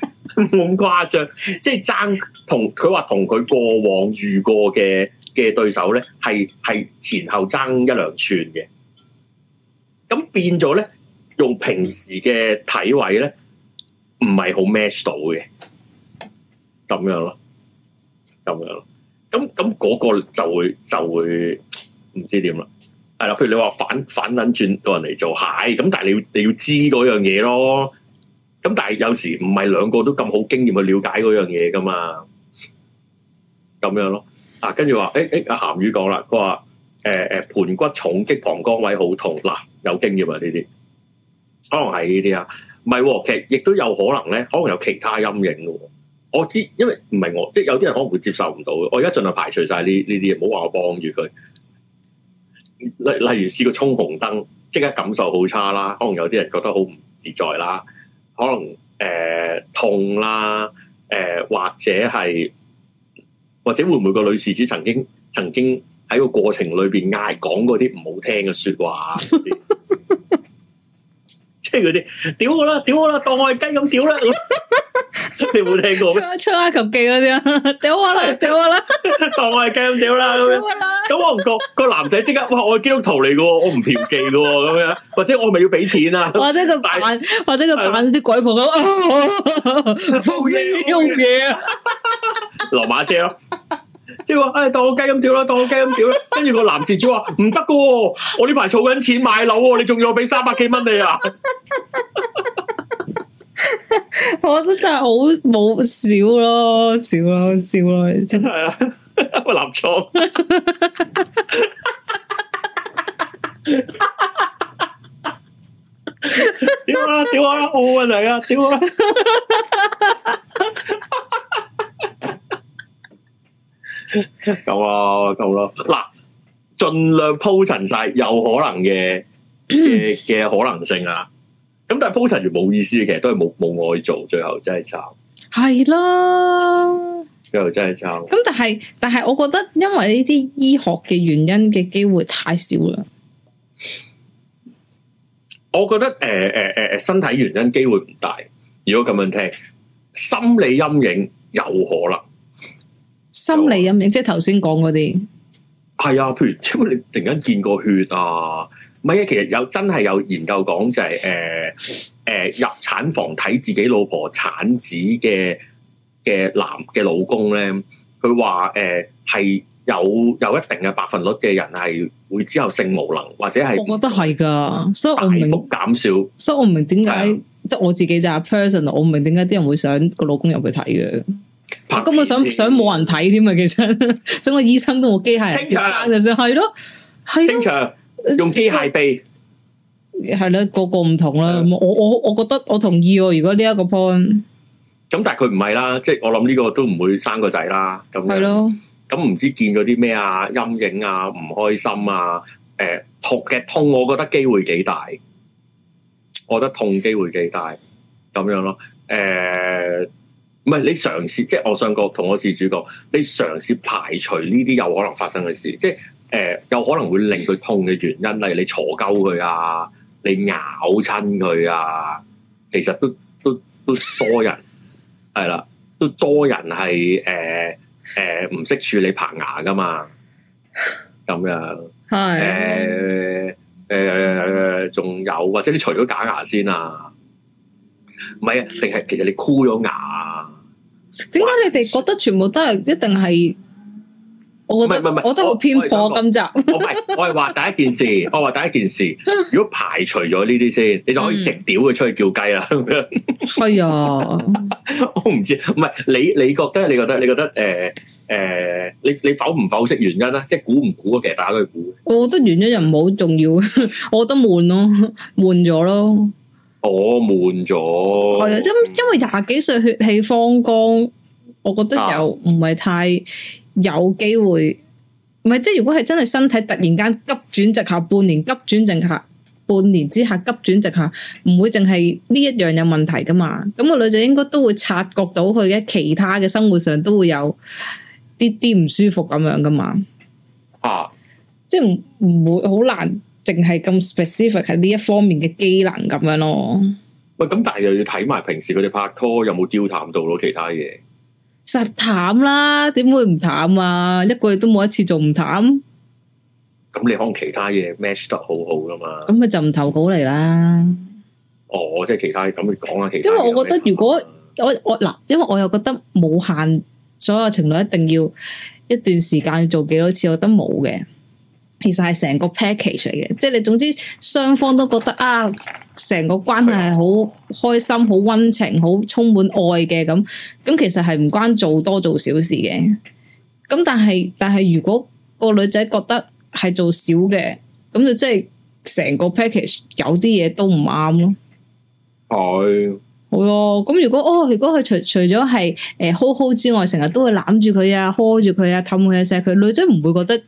冇咁誇張，即係爭同佢話同佢過往遇過嘅嘅對手咧，係係前後爭一兩寸嘅，咁變咗咧，用平時嘅體位咧，唔係好 match 到嘅，咁樣咯，咁樣咯，咁咁嗰個就會就會唔知點啦。係啦，譬如你話反反擰轉個人嚟做蟹，咁、哎、但係你要你要知嗰樣嘢咯。咁但係有時唔係兩個都咁好經驗去了解嗰樣嘢噶嘛，咁樣咯。啊，跟住話，誒、欸、誒，阿、欸、鹹魚講啦，佢話，誒、呃、誒，盆骨重擊膀胱位好痛，嗱、啊，有經驗啊呢啲，可能係呢啲啊，唔係，其實亦都有可能咧，可能有其他陰影噶。我知，因為唔係我，即係有啲人可能會接受唔到。我而家盡量排除晒呢呢啲嘢，唔好話我幫住佢。例例如試過衝紅燈，即刻感受好差啦，可能有啲人覺得好唔自在啦，可能誒、呃、痛啦，誒、呃、或者係或者會唔會個女事主曾經曾經喺個過程裏邊嗌講過啲唔好聽嘅説話？ 即係嗰啲，屌我啦，屌我啦，當我係雞咁屌啦，你冇聽過咩？出埃及記嗰啲，屌我啦，屌我啦，當我係雞咁屌啦咁樣。屌我啦，咁我唔覺個男仔即刻，哇，我係基督徒嚟噶，我唔嫖妓噶，咁樣，或者我咪要俾錢啊？或者佢扮，或者佢扮啲鬼婆，敷嘢，敷嘢，羅馬車咯。即係話，哎，當我雞咁屌啦，當我雞咁屌啦。跟住， 個男士就話唔得噶，我呢排儲緊錢買樓，你仲要俾三百幾蚊你啊？ 我覺得真係好冇少咯，笑咯，笑咯，真係啊！我 男錯床笑，屌啊！屌啊！好啊，嚟啊！屌啊！夠囉，夠囉，嗱，盡量鋪陳晒有可能嘅嘅、嗯、可能性啊，咁但係鋪陳完冇意思嘅，其實都係冇冇愛做，最後真係慘，係啦，最後真係慘。咁但係，但係，我覺得因為呢啲醫學嘅原因嘅機會太少啦。我覺得，誒誒誒，身體原因機會唔大。如果咁樣聽，心理陰影有可能。心理陰影有冇？即係頭先講嗰啲。係啊，譬如點解，你突然間見過血啊？唔係啊，其實有真係有研究講，就是，就係誒誒入產房睇自己老婆產子嘅嘅男嘅老公咧，佢話誒係有有一定嘅百分率嘅人係會之後性無能或者係，我覺得係噶，所以大幅減少，所以我唔明點解即係我自己就 personally, 我唔明點解啲人會想個老公入去睇嘅。根本想想冇人睇添啊，其實整個醫生都冇機械人生，正常場就算係咯，係正常用機械臂，係啦，個個唔同啦的。我我我覺得我同意，如果呢一個 point，咁但係佢唔係啦，即係我諗呢個都唔會生個仔啦。咁樣，咁唔的知見咗啲咩啊？陰影啊？唔開心啊？誒、呃，痛嘅痛，我覺得機會幾大，我覺得痛機會幾大，咁樣咯，誒、呃。唔係你嘗試，即係我上角同我事主角。你嘗試排除呢啲有可能發生嘅事，即係誒、呃、有可能會令佢痛嘅原因，例如你坐鳩佢啊，你咬親佢啊，其實都都都多人係啦，都多人係誒誒唔識處理棚牙噶嘛，咁樣係誒誒，嘅、呃呃、仲有或者你除咗假牙先啊，唔係啊，定係其實你箍咗牙。點解你哋覺得全部都係 What? 一定係？我覺得唔係，我覺得好偏頗，今集我係話第一件事， 我話第一件事。如果排除咗呢啲先，你就可以直屌佢出去叫雞啦，咁係啊。我唔知道，唔係你你覺得？你覺得？你覺得？誒、呃、誒、呃，你你剖唔剖析原因啊？即係估唔估啊？其實大家都要估。我覺得原因又唔好重要， 我覺得悶咯，悶咗咯。我悶咗，係啊，因因為廿幾歲血氣方剛，我覺得又唔係太有機會。唔係，即係如果係真係身體突然間急轉直下，半年急轉直下，半年之下急轉直下，唔會淨係呢一樣有問題噶嘛。咁個女仔應該都會察覺到佢嘅其他嘅生活上都會有啲啲唔舒服咁樣噶嘛。啊，即係唔唔會好難。淨係咁 specific 喺呢一方面嘅機能咁樣咯，喂，咁但係又要睇埋平時佢哋拍拖有冇交談到咯其他嘢。實淡啦，點會唔淡啊？一個月都冇一次仲唔淡？咁你可能其他嘢 match 得好好噶嘛？咁佢就唔投稿嚟啦。哦，即係其他咁你講啊，其他。因為我覺得如果我我嗱，因為我又覺得冇限所有情侶一定要一段時間要做幾多次，我覺得冇嘅。其實係成個 package 嚟嘅，即係你總之雙方都覺得啊，成個關係係好開心、好温情、好充滿愛嘅咁，咁其實係唔關做多做少事嘅。咁但係但係如果個女仔覺得係做少嘅，咁就即係成個 package 有啲嘢都唔啱咯。係、哎，好咯、啊。咁如果哦，如果佢除除咗係誒 hold hold 之外，成日都會攬住佢啊 hold 住佢啊，氹佢啊，錫佢，女仔唔會覺得？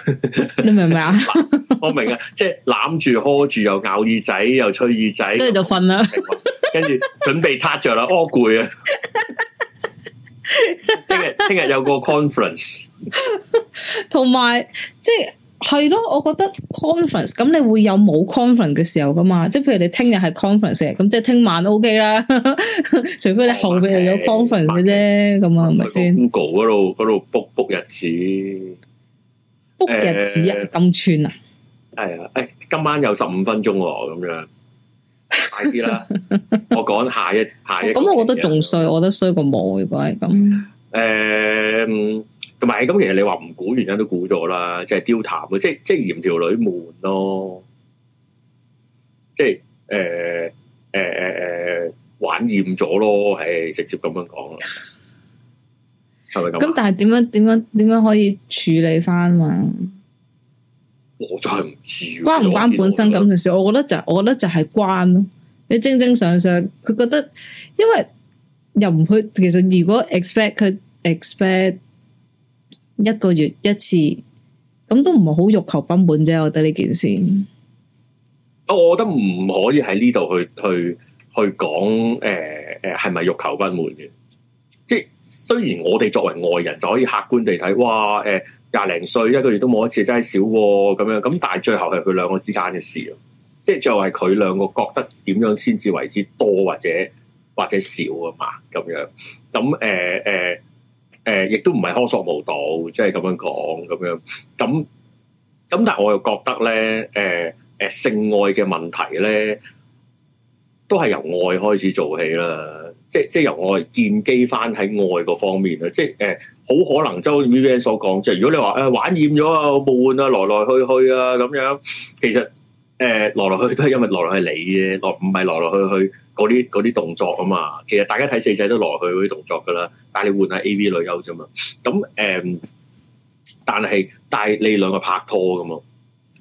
你明唔明啊？ 我明啊，即係攬住、呵住，又咬耳仔，又吹耳仔，跟住就瞓啦。跟住 準備撻着啦，屙攰 啊！聽日聽日有個 conference，同埋即係係咯，我覺得 conference 咁你會有冇 conference 嘅時候噶嘛？即係譬如你聽日係 conference 咁，即係聽晚 OK 啦。除非你後邊又有 conference 嘅啫，咁啊，係咪先？Google 嗰度嗰度 book book 日子。鋪日子啊，金穿啊，係、哎、啊！誒、哎，今晚有十五分鐘喎，咁樣快啲啦！ 我講下一下一，咁我覺得仲衰，我覺得衰過冇。如果係咁，誒，同埋咁，其實你話唔估原因都估咗啦，即係丟淡啊，即係即係嫌條女悶咯，即係誒誒誒誒玩厭咗咯，係直接咁樣講。咁但係點樣點樣點樣可以處理翻嘛？我真係唔知道，關唔關本身咁嘅事我我、就是？我覺得就，我覺得就係關咯。你正正常常，佢覺得，因為又唔去。其實如果 expect 佢 expect 一個月一次，咁都唔係好欲求不滿啫。我覺得呢件事，我我覺得唔可以喺呢度去去去講誒誒係咪欲求不滿嘅。雖然我哋作為外人就可以客觀地睇，哇，誒，廿零歲一個月都冇一次，真係少喎，咁樣咁，但係最後係佢兩個之間嘅事啊，即係最後係佢兩個覺得點樣先至為之多或者或者少啊嘛，咁樣咁，誒，誒，誒，亦都唔係苛索無道，即係咁樣講，咁樣咁，咁但係我又覺得咧，誒，誒，性愛嘅問題咧，都係由愛開始做起啦。即即由我建在外見機翻喺外方面啦，即好、呃、可能，即好似 Vivian 所講，即如果你話誒、哎、玩厭咗啊，我冇換啊，來來去去啊咁樣，其實誒、呃、來來去都係因為來來係你嘅，來唔係來來去去嗰啲嗰啲動作啊嘛，其實大家睇四仔都來來去嗰啲動作噶啦，但你換下 A V 女優啫嘛，咁、嗯、但係但係你兩個拍拖咁啊？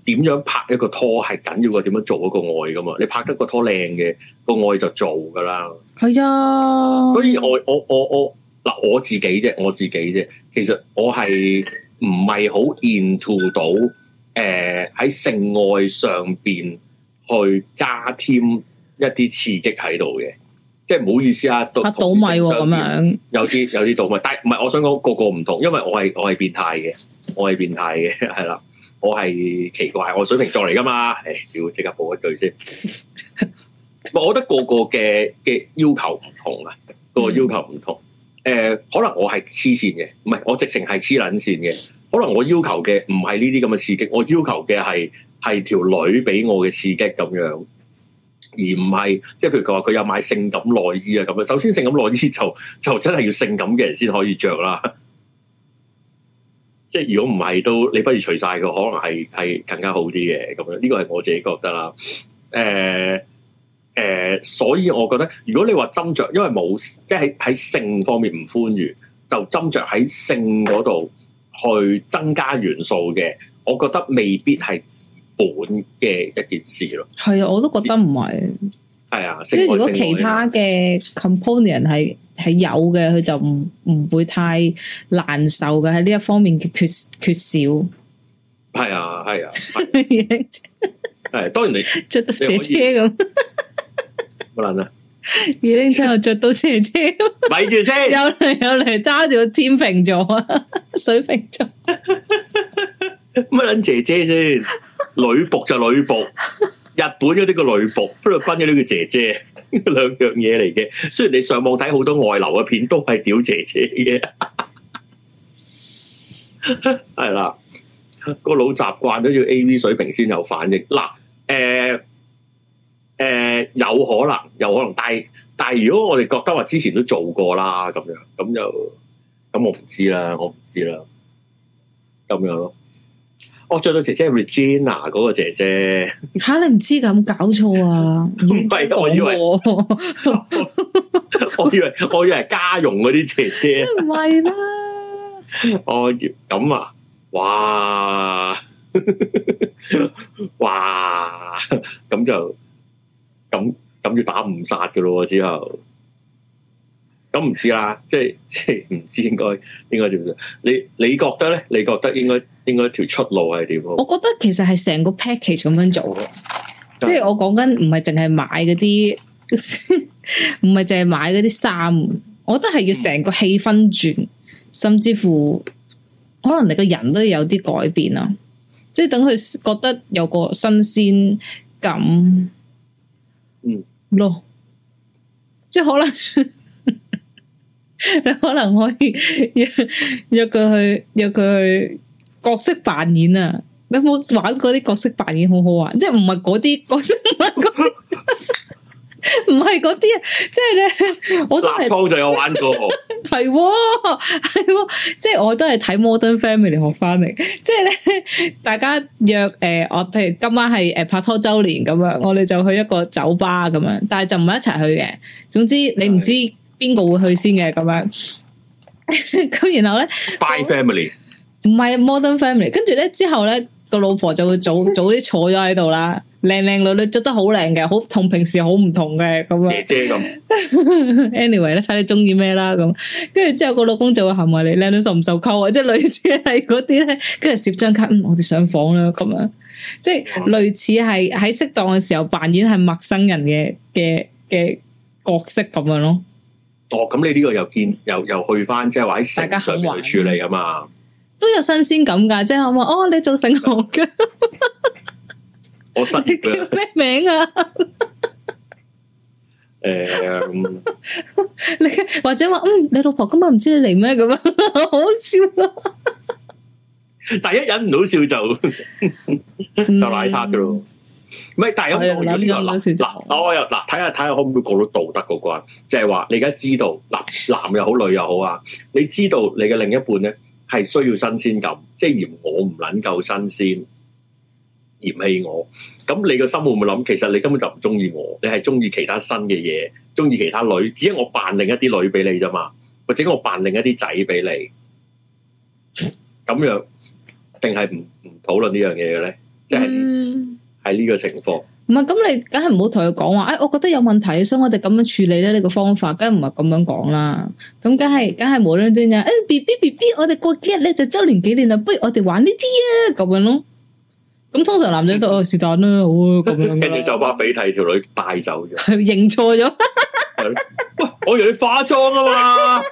點樣拍一個拖係緊要過點樣做一個愛噶嘛？你拍得個拖靚嘅，個愛就做噶啦。係啊，所以我我我我嗱，我自己啫，我自己啫。其實我係唔係好 into 到誒喺、呃、性愛上邊去加添一啲刺激喺度嘅，即係唔好意思啊，倒倒米咁、啊、這樣有，有啲有啲倒米，但係唔係我想講個個唔同，因為我係我係變態嘅，我係變態嘅，係啦。 我係奇怪，我水瓶座嚟噶嘛？誒，要即刻補一句先。 我覺得個個嘅嘅要求唔同啊，個個要求唔同。誒、呃，可能我係黐線嘅，唔係我直情係黐撚線嘅。可能我要求嘅唔係呢啲咁嘅刺激，我要求嘅係係條女俾我嘅刺激咁樣，而唔係即係譬如佢話佢有買性感內衣啊咁樣。首先，性感內衣就就真係要性感嘅人先可以着啦。即係如果唔係都你不如除晒佢，可能係係更加好啲嘅咁樣。呢個係我自己覺得啦。誒、呃、誒、呃，所以我覺得如果你話斟酌，因為冇即係喺性方面唔寬裕，就斟酌喺性嗰度去增加元素嘅，我覺得未必係本嘅一件事咯。係啊，我都覺得唔係。係啊，即係如果其他嘅 component 係。係有嘅，佢就唔唔會太難受嘅。喺呢一方面缺缺少，係啊係啊，係、啊啊、 當然你着到姐姐咁，好難 啊？二零三聽我着到姐姐，咪住先，有嚟有嚟揸住個天秤座啊，水瓶座，乜 撚 姐姐先？女僕就女僕， 日本嗰啲叫女僕，菲律賓嗰啲叫姐姐。兩樣嘢嚟嘅，雖然你上網睇好多外流嘅片都係屌姐姐嘅，係啦，個腦習慣都要 AV 水平先有反應。嗱，誒、呃、誒、呃，有可能，有可能，但係但係如果我哋覺得話之前都做過啦，咁樣咁就咁我唔知啦，我唔知啦，咁樣咯。我着到姐姐 Regina 嗰個姐姐，吓你唔知咁搞錯啊？唔係， 我以為，我以為我以為家傭嗰啲姐姐，唔係啦。哦， 咁啊，哇，哇，咁就咁咁要打五殺噶咯，之後咁唔知啦，即係即係唔知應該應該點樣？你你覺得咧？你覺得應該？應該條出路係點？我覺得其實係成個 package 咁樣做咯，即係我講緊唔係淨係買嗰啲，唔係淨係買嗰啲衫。我覺得係要成個氣氛轉，嗯、甚至乎可能你個人都有啲改變啦。即係等佢覺得有個新鮮感，嗯，咯，即係可能 你可能可以 約約佢去約佢去。角色扮演啊！你有冇玩嗰啲角色扮演？好好玩，即係唔係嗰啲角色，唔係嗰啲，唔係嗰啲啊！即係咧，我都初就有玩過，係哦、 係哦，即係我都係睇 Modern Family 學翻嚟。即係咧，大家約誒、呃，我譬如今晚係誒拍拖周年咁樣，我哋就去一個酒吧咁樣，但係就唔係一齊去嘅。總之你唔知邊個會去先嘅咁樣。咁的 然後咧呢，By Family。唔係 Modern Family，跟住咧之後咧個老婆就會早 早啲坐咗喺度啦，靚靚女女着得好靚嘅，好同平時好唔同嘅咁樣，姐姐咁 ，Anyway 咧，睇你中意咩啦咁。跟住之後個老公就會行埋嚟，靚女受唔受溝啊？即係類似係嗰啲咧，跟住攝張卡，嗯，我哋上房啦咁樣，即係類似係喺適當嘅時候扮演係陌生人嘅嘅嘅角色咁樣咯。哦，咁你呢個又見又又去翻，即係話喺成日上面去處理啊嘛。都有新鮮感噶，即係我話哦，你做神學噶， 我神叫咩名啊？誒、 嗯， 你或者話嗯，你老婆根本唔知你嚟咩咁樣，好笑啊！第一忍唔到笑就就賴他噶咯，唔、啊、係？第二我諗諗笑就嗱，我又嗱睇下睇下可唔可以過到道德關，即係話你而家知道嗱，男又好，女又好啊，你知道你嘅另一半咧。係需要新鮮感，即係嫌我唔能夠新鮮，嫌棄我。咁你個心會唔會諗，其實你根本就唔中意我，你係中意其他新嘅嘢，中意其他女，只係我扮另一啲女俾你啫嘛，或者我扮另一啲仔俾你，咁樣定係唔唔討論呢樣嘢嘅咧？即係係呢個情況。嗯唔咁，你梗係唔好同佢講話。哎，我覺得有問題，所以我哋咁樣處理咧，呢個方法，梗係唔係咁樣講啦。咁梗係，梗係無端端就哎，bbbb，我哋過幾日咧就周年紀念啦，不如我哋玩呢啲啊，咁樣咯。咁通常男仔都係是但啦，會咁、嗯啊、樣吧。跟住 就俾第二條女帶走咗， 認錯錯咗了。 喂，我以為你化妝啊嘛。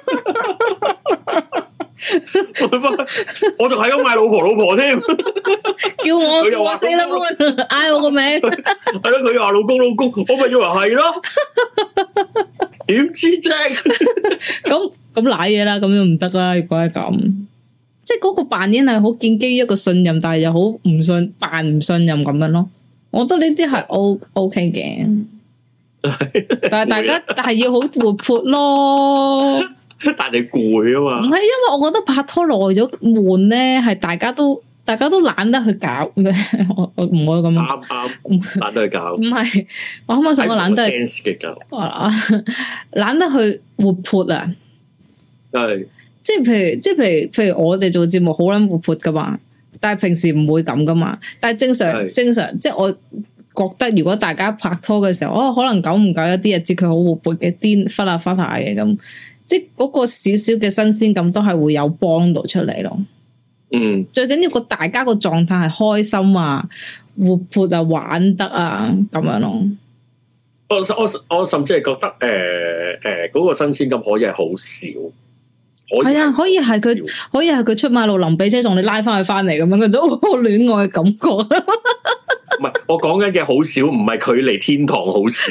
我仲係咁嗌老婆老婆添， 叫我 叫我死的啦， 嗌我個名，係咯，佢又話老公老公，我咪以為係咯，點 知啫？咁咁瀨嘢啦，咁樣唔得啦。如果係咁，即係嗰個扮演係好建基於一個信任，但係又好唔信，扮唔信任咁樣咯。我覺得呢啲係 O，OK 嘅， 但係大家 但係要好活潑咯。但係攰啊嘛，唔係因為我覺得拍拖耐咗悶咧，係大家都大家都懶得去搞我我唔會咁樣咁啊，懶得去搞，唔係我可唔可以上個懶得 s 搞，懶得去活潑啊，係即係譬如即係譬如譬如我哋做節目好捻活潑噶嘛，但係平時唔會咁噶嘛，但係正常正常即係我覺得如果大家拍拖嘅時候，哦可能久唔久一啲日子佢好活潑嘅癲忽下忽下嘅咁。即係嗰個少少嘅新鮮感都係會有幫到出嚟咯。嗯，最緊要個大家個狀態係開心啊、活潑啊、玩得啊咁、嗯、樣咯。我我我甚至係覺得誒誒嗰個新鮮感可以係好少，可以係，係啊，可以係佢可以係佢出馬路林俾車送你拉翻去翻嚟咁樣，佢都好戀愛嘅感覺。唔 係，我講緊嘅好少，唔係距離天堂好少，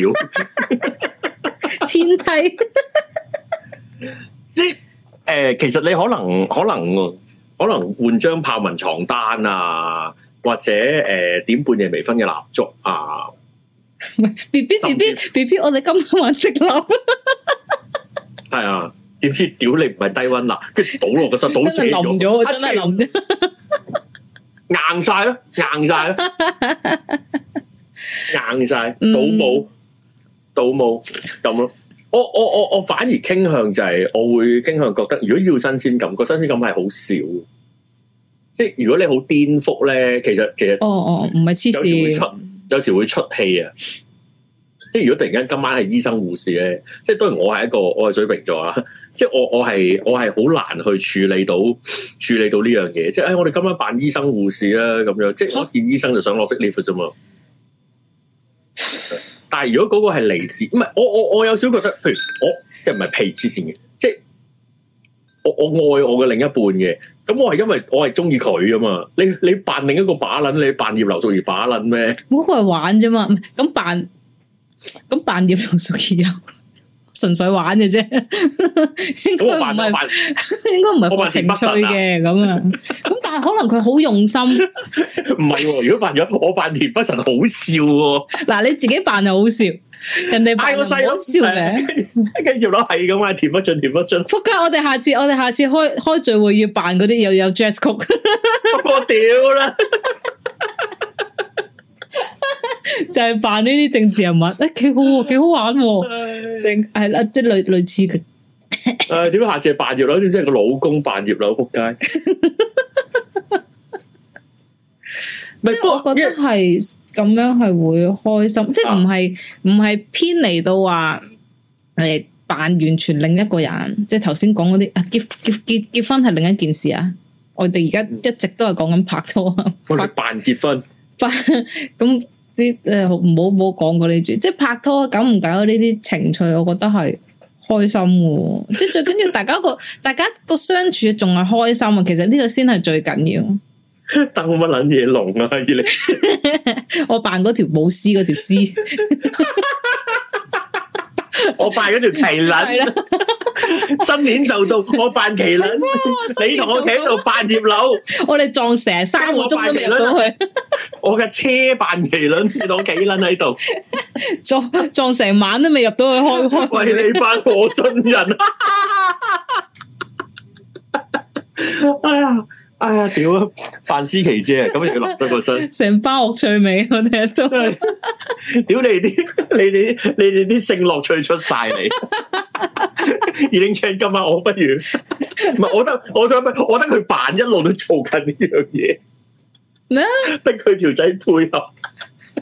天梯 體。 即誒，其實你可能可能可能換張豹紋床單啊，或者誒、呃、點半夜微醺嘅蠟燭啊，B B B B B B，我哋今晚玩滴蠟，係啊，點知屌你唔係低溫蠟，跟住倒落個身，倒瀉咗，淋咗，啊、真係淋咗，硬晒咯， 硬晒咯，硬晒，倒冇倒冇咁咯。我我我我反而傾向就係，我會傾向覺得，如果要新鮮感，個新鮮感係好少。即係如果你好顛覆咧，其實其實哦哦，唔係黐線，有時會出，有時會出氣啊！即係如果突然間今晚係醫生護士咧，即係當然我係一個愛水瓶座啊。即係我我係我係好難去處理到處理到呢樣嘢。即係、哎、誒，我哋今晚扮醫生護士啊，咁樣即係我一見醫生就想攞色尿啫嘛。啊 但係如果嗰個係理智，唔係我我我有少覺得，譬如我即係唔係皮痴線嘅，即係我我愛我嘅另一半嘅，咁我係因為我係中意佢啊嘛，你你扮另一個把捻，你扮葉劉淑儀把捻咩？冇個係玩啫嘛，咁扮咁扮葉劉淑儀啊！純粹玩嘅啫，應該唔係，我扮我扮應該唔係為情趣嘅咁啊 樣。咁但係可能佢好用心，唔係、啊。如果扮咗我扮田北俊好笑喎。嗱， 你自己扮就好笑，人哋扮個細佬笑嘅，跟住攞係咁賣田北俊。田北俊，我哋 下次我哋下次開開聚會要扮嗰啲又有 Jazz、曲 的，我屌啦！ 就係扮呢啲政治人物，誒、哎，幾好，幾好玩，哦，哎、呀定係啦，哎，即係類類似嘅。誒、呃，點解下次係扮葉柳？點知個老公扮葉柳？撲街！ 即係我覺得係咁不是樣係會開心，啊、即係唔係唔係偏離到話誒扮完全另一個人，即係頭先講嗰啲結結結結婚係另一件事啊。我哋而家一直都係講緊拍拖啊，嗯、拍我哋扮結婚，咁。啲誒，唔好唔好講過呢啲，即係拍拖搞唔搞呢啲情趣，我覺得係開心嘅。即係最緊要大家個 大家個相處仲係開心啊！其實呢個先係最緊要。登乜捻嘢龍啊！你我扮嗰條舞獅嗰條獅 我扮嗰條麒麟 是的。 新年就到，我扮麒麟， 你同我企喺度扮葉柳， 我哋撞成三個鐘都入唔到去， 我嘅車扮麒麟，跌到麒麟喺度，撞撞成晚都未入到去開開， 為你扮我真人 哎，哎呀哎呀，屌啊！扮思琪啫，咁要落咗個身，成班惡趣味。我哋都 你的，屌你啲你哋你哋啲性樂趣出晒嚟。 二零七，今晚 我不如，唔係我覺得，我想乜麼？我覺得佢扮一路都做緊呢樣嘢咩？逼佢條仔配合。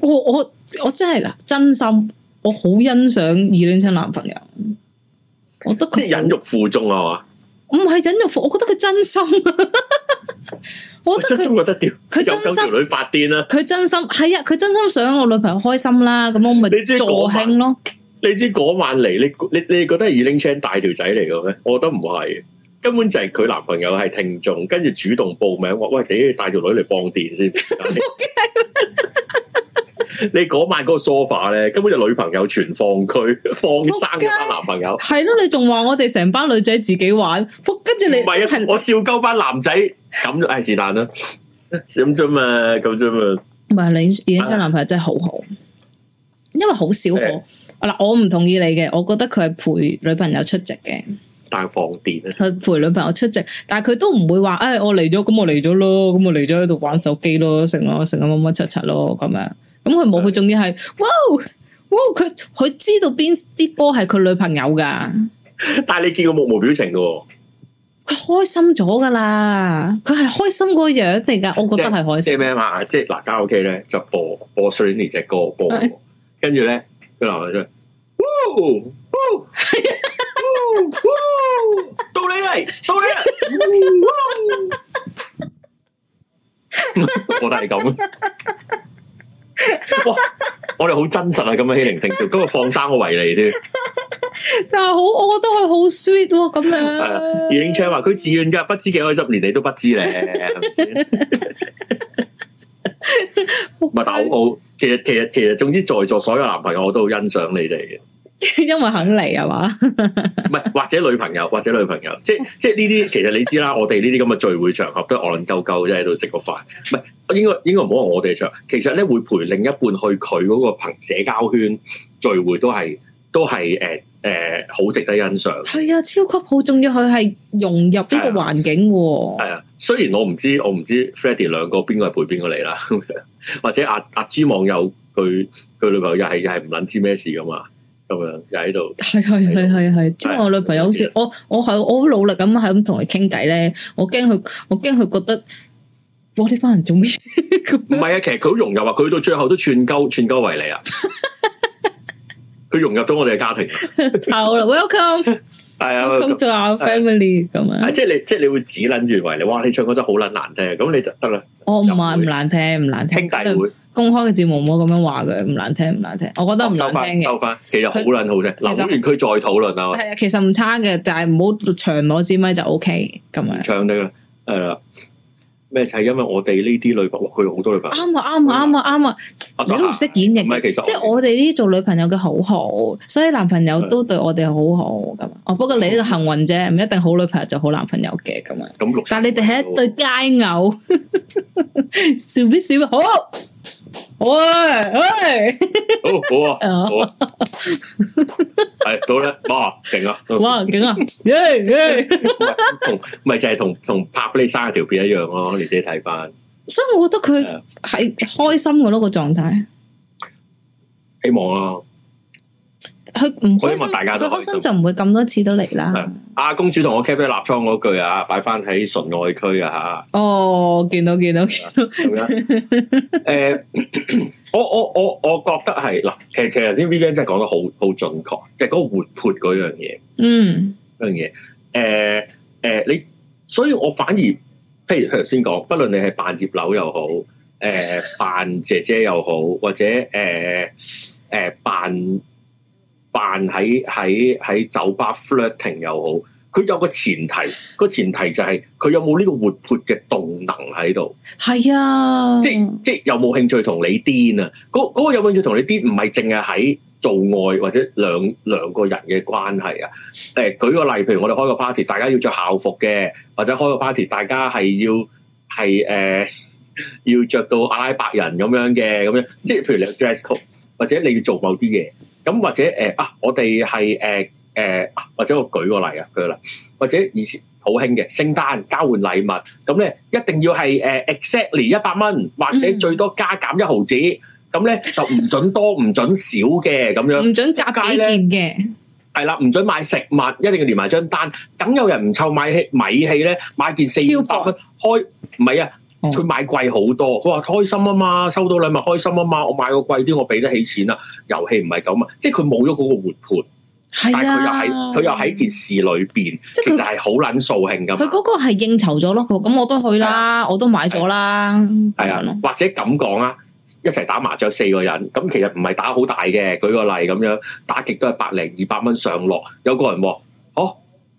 我我我真係啦，真心，我好欣賞二零七男朋友。我覺得佢忍辱負重啊嘛，唔係忍辱負，我覺得佢真心。 我覺得佢得佢有等條女發癲啦。佢真心，係啊，佢真心想我女朋友開心啦。咁我咪助興咯。你知嗰晚嚟你你你覺得係李 l i n 帶條仔嚟嘅咩？我覺得唔係，根本就係佢男朋友係聽眾，跟住主動報名。我喂你帶條女嚟放電先。 你嗰晚嗰個 sofa 咧，根本就女朋友全放區放生班男朋友。係咯， 你仲話我哋成班女仔自己玩，跟住不你係啊？我笑鳩班男仔，咁就係是但啦。咁啫嘛，咁啫嘛。唔係你李 l i 男朋友真係好好， 因為好少我。 嗱，我唔同意你嘅，我覺得佢係陪女朋友出席嘅，但係放電啊！佢陪女朋友出席，但係佢都唔會話，誒、哎，我嚟咗，咁我嚟咗咯，咁我嚟咗喺度玩手機咯，成咯，成啊，乜乜七七咯，咁樣，咁佢冇，佢仲要係，哇，哇，佢、wow, 佢、wow, 知道邊啲歌係佢女朋友噶，但係你見過目無表情噶？佢開心咗噶啦，佢係開心個樣嚟噶，我覺得係開心咩嘛，即係嗱，家 O K 咧，okay, 就播播 Swing 隻歌，播，跟住咧佢留嘅。到你嚟，到你，到你，哦哦 我，我都係咁，我哋好真實啊！咁樣喺聆聽笑，今日放生個維尼添，就係好，我覺得佢好 sweet 咁樣。葉穎超話佢自願噶，不知幾開心，連你都不知咧。唔 係，但係我其實其實其實總之在座所有男朋友我都好欣賞你哋嘅。 因為肯嚟係嘛，唔 係或者女朋友或者女朋友，即係即係呢啲。其實你知啦， 我哋呢啲咁嘅聚會場合都係我諗夠夠即係喺度食個飯。唔係應該應該唔好話我哋場，其實咧會陪另一半去佢嗰個朋社交圈聚會都是，都係都係誒誒好值得欣賞。係啊，超級好重要，佢係融入呢個環境嘅、哦啊。係啊，雖然我唔知我唔知 Freddy 兩個邊個係陪邊個嚟啦， 或者阿、啊、阿、啊、G 網友佢佢女朋友又係又係唔諗知咩事噶嘛。咁樣喺度，係係係係係，因為我女朋友好似我，我係我好努力咁喺咁同佢傾偈咧，我驚佢，我驚佢覺得我呢班人做咩？唔係啊，其實佢好融入啊，佢到最後都串鳩串鳩為你啊，佢融入咗我哋嘅家庭。好啦，Welcome，係啊 Welcome to our family。咁啊，即係你，即係你會指捻住為你，哇！你唱歌真好捻難聽，咁你就得啦。我唔係唔難聽，唔難聽，兄弟會。公開嘅節目冇咁樣話佢，唔難聽唔難聽，我覺得唔難聽，收翻，其實好卵好聽。留完佢再討論啊！係啊，其實唔差嘅，但係唔好搶攞支咪就 OK 咁樣。唔搶得嘅，誒，咩？係因為我哋呢啲女朋友，佢好多女朋友。啱啊啱啊啱啊啱啊！你都唔識演繹，即係我哋呢啲做女朋友嘅好好，所以男朋友都對我哋好好咁哦，不過你呢個幸運啫，唔一定好女朋友就好男朋友嘅咁啊。咁但係你哋係一對佳偶。笑咩笑？好！喂喂，好、oh, 好啊，好啊，係、 哎、到咧，哇，勁啊，哇，勁啊，耶耶，同咪就係同同拍俾你生嘅條片一樣咯，啊，你自己睇翻。所以我覺得佢係開心嘅咯，個狀態。希望啊。佢唔開心，大家都開心就唔會咁多次都嚟啦。阿、啊、公主同我 cap 咗立倉嗰句啊，擺翻喺純愛區啊吓。哦，見到見到見到。誒，我我我我覺得係嗱，其實其實先 VVN 真係講得好好準確，即係嗰個活潑嗰樣嘢，嗯，嗰樣嘢。誒誒，你，所以我反而，譬如頭先講，不論你係扮葉柳又好，誒、uh, 扮姐姐又好，或者誒誒、uh, uh, 扮。扮喺喺喺酒吧 flirting 又好，佢有一個前提，個前提就係佢有冇呢個活潑嘅動能喺度。係啊，即，即即有冇興趣同你癲啊？個有興趣同你癲唔係淨係喺做愛或者兩兩個人嘅關係啊？誒，舉個例，譬如我哋開個 party，大家要着校服嘅，或者開個 party，大家係要係誒要著到阿拉伯人咁樣嘅咁樣，即係譬如你 dress code，或者你要做某啲嘢。咁或者誒啊、呃，我哋係誒誒，或者我舉個例啊，舉個例，或者以前好興嘅聖誕交換禮物，咁咧一定要係誒、呃、exactly 一百蚊，或者最多加減一毫子，咁咧、嗯、就唔准多唔 准少嘅咁樣，唔准加幾件嘅，係啦，唔准買食物，一定要連埋張單。梗有人唔湊買米器咧，買件四百蚊，開，唔係啊！佢買貴好多，佢話開心啊嘛，收到禮物開心啊嘛，我買個貴啲，我俾得起錢啦、啊。遊戲唔係咁啊，他是他即係佢冇咗嗰個活盤，但佢又喺佢又喺件事裏邊，即其實係好撚掃興噶。佢嗰個係應酬咗咯，咁我都去啦，啊、我都買咗啦。係啊，啊或者咁講啊，一齊打麻雀四個人，咁其實唔係打好大嘅，舉個例咁樣，打極都係百零二百蚊上落，有個人話，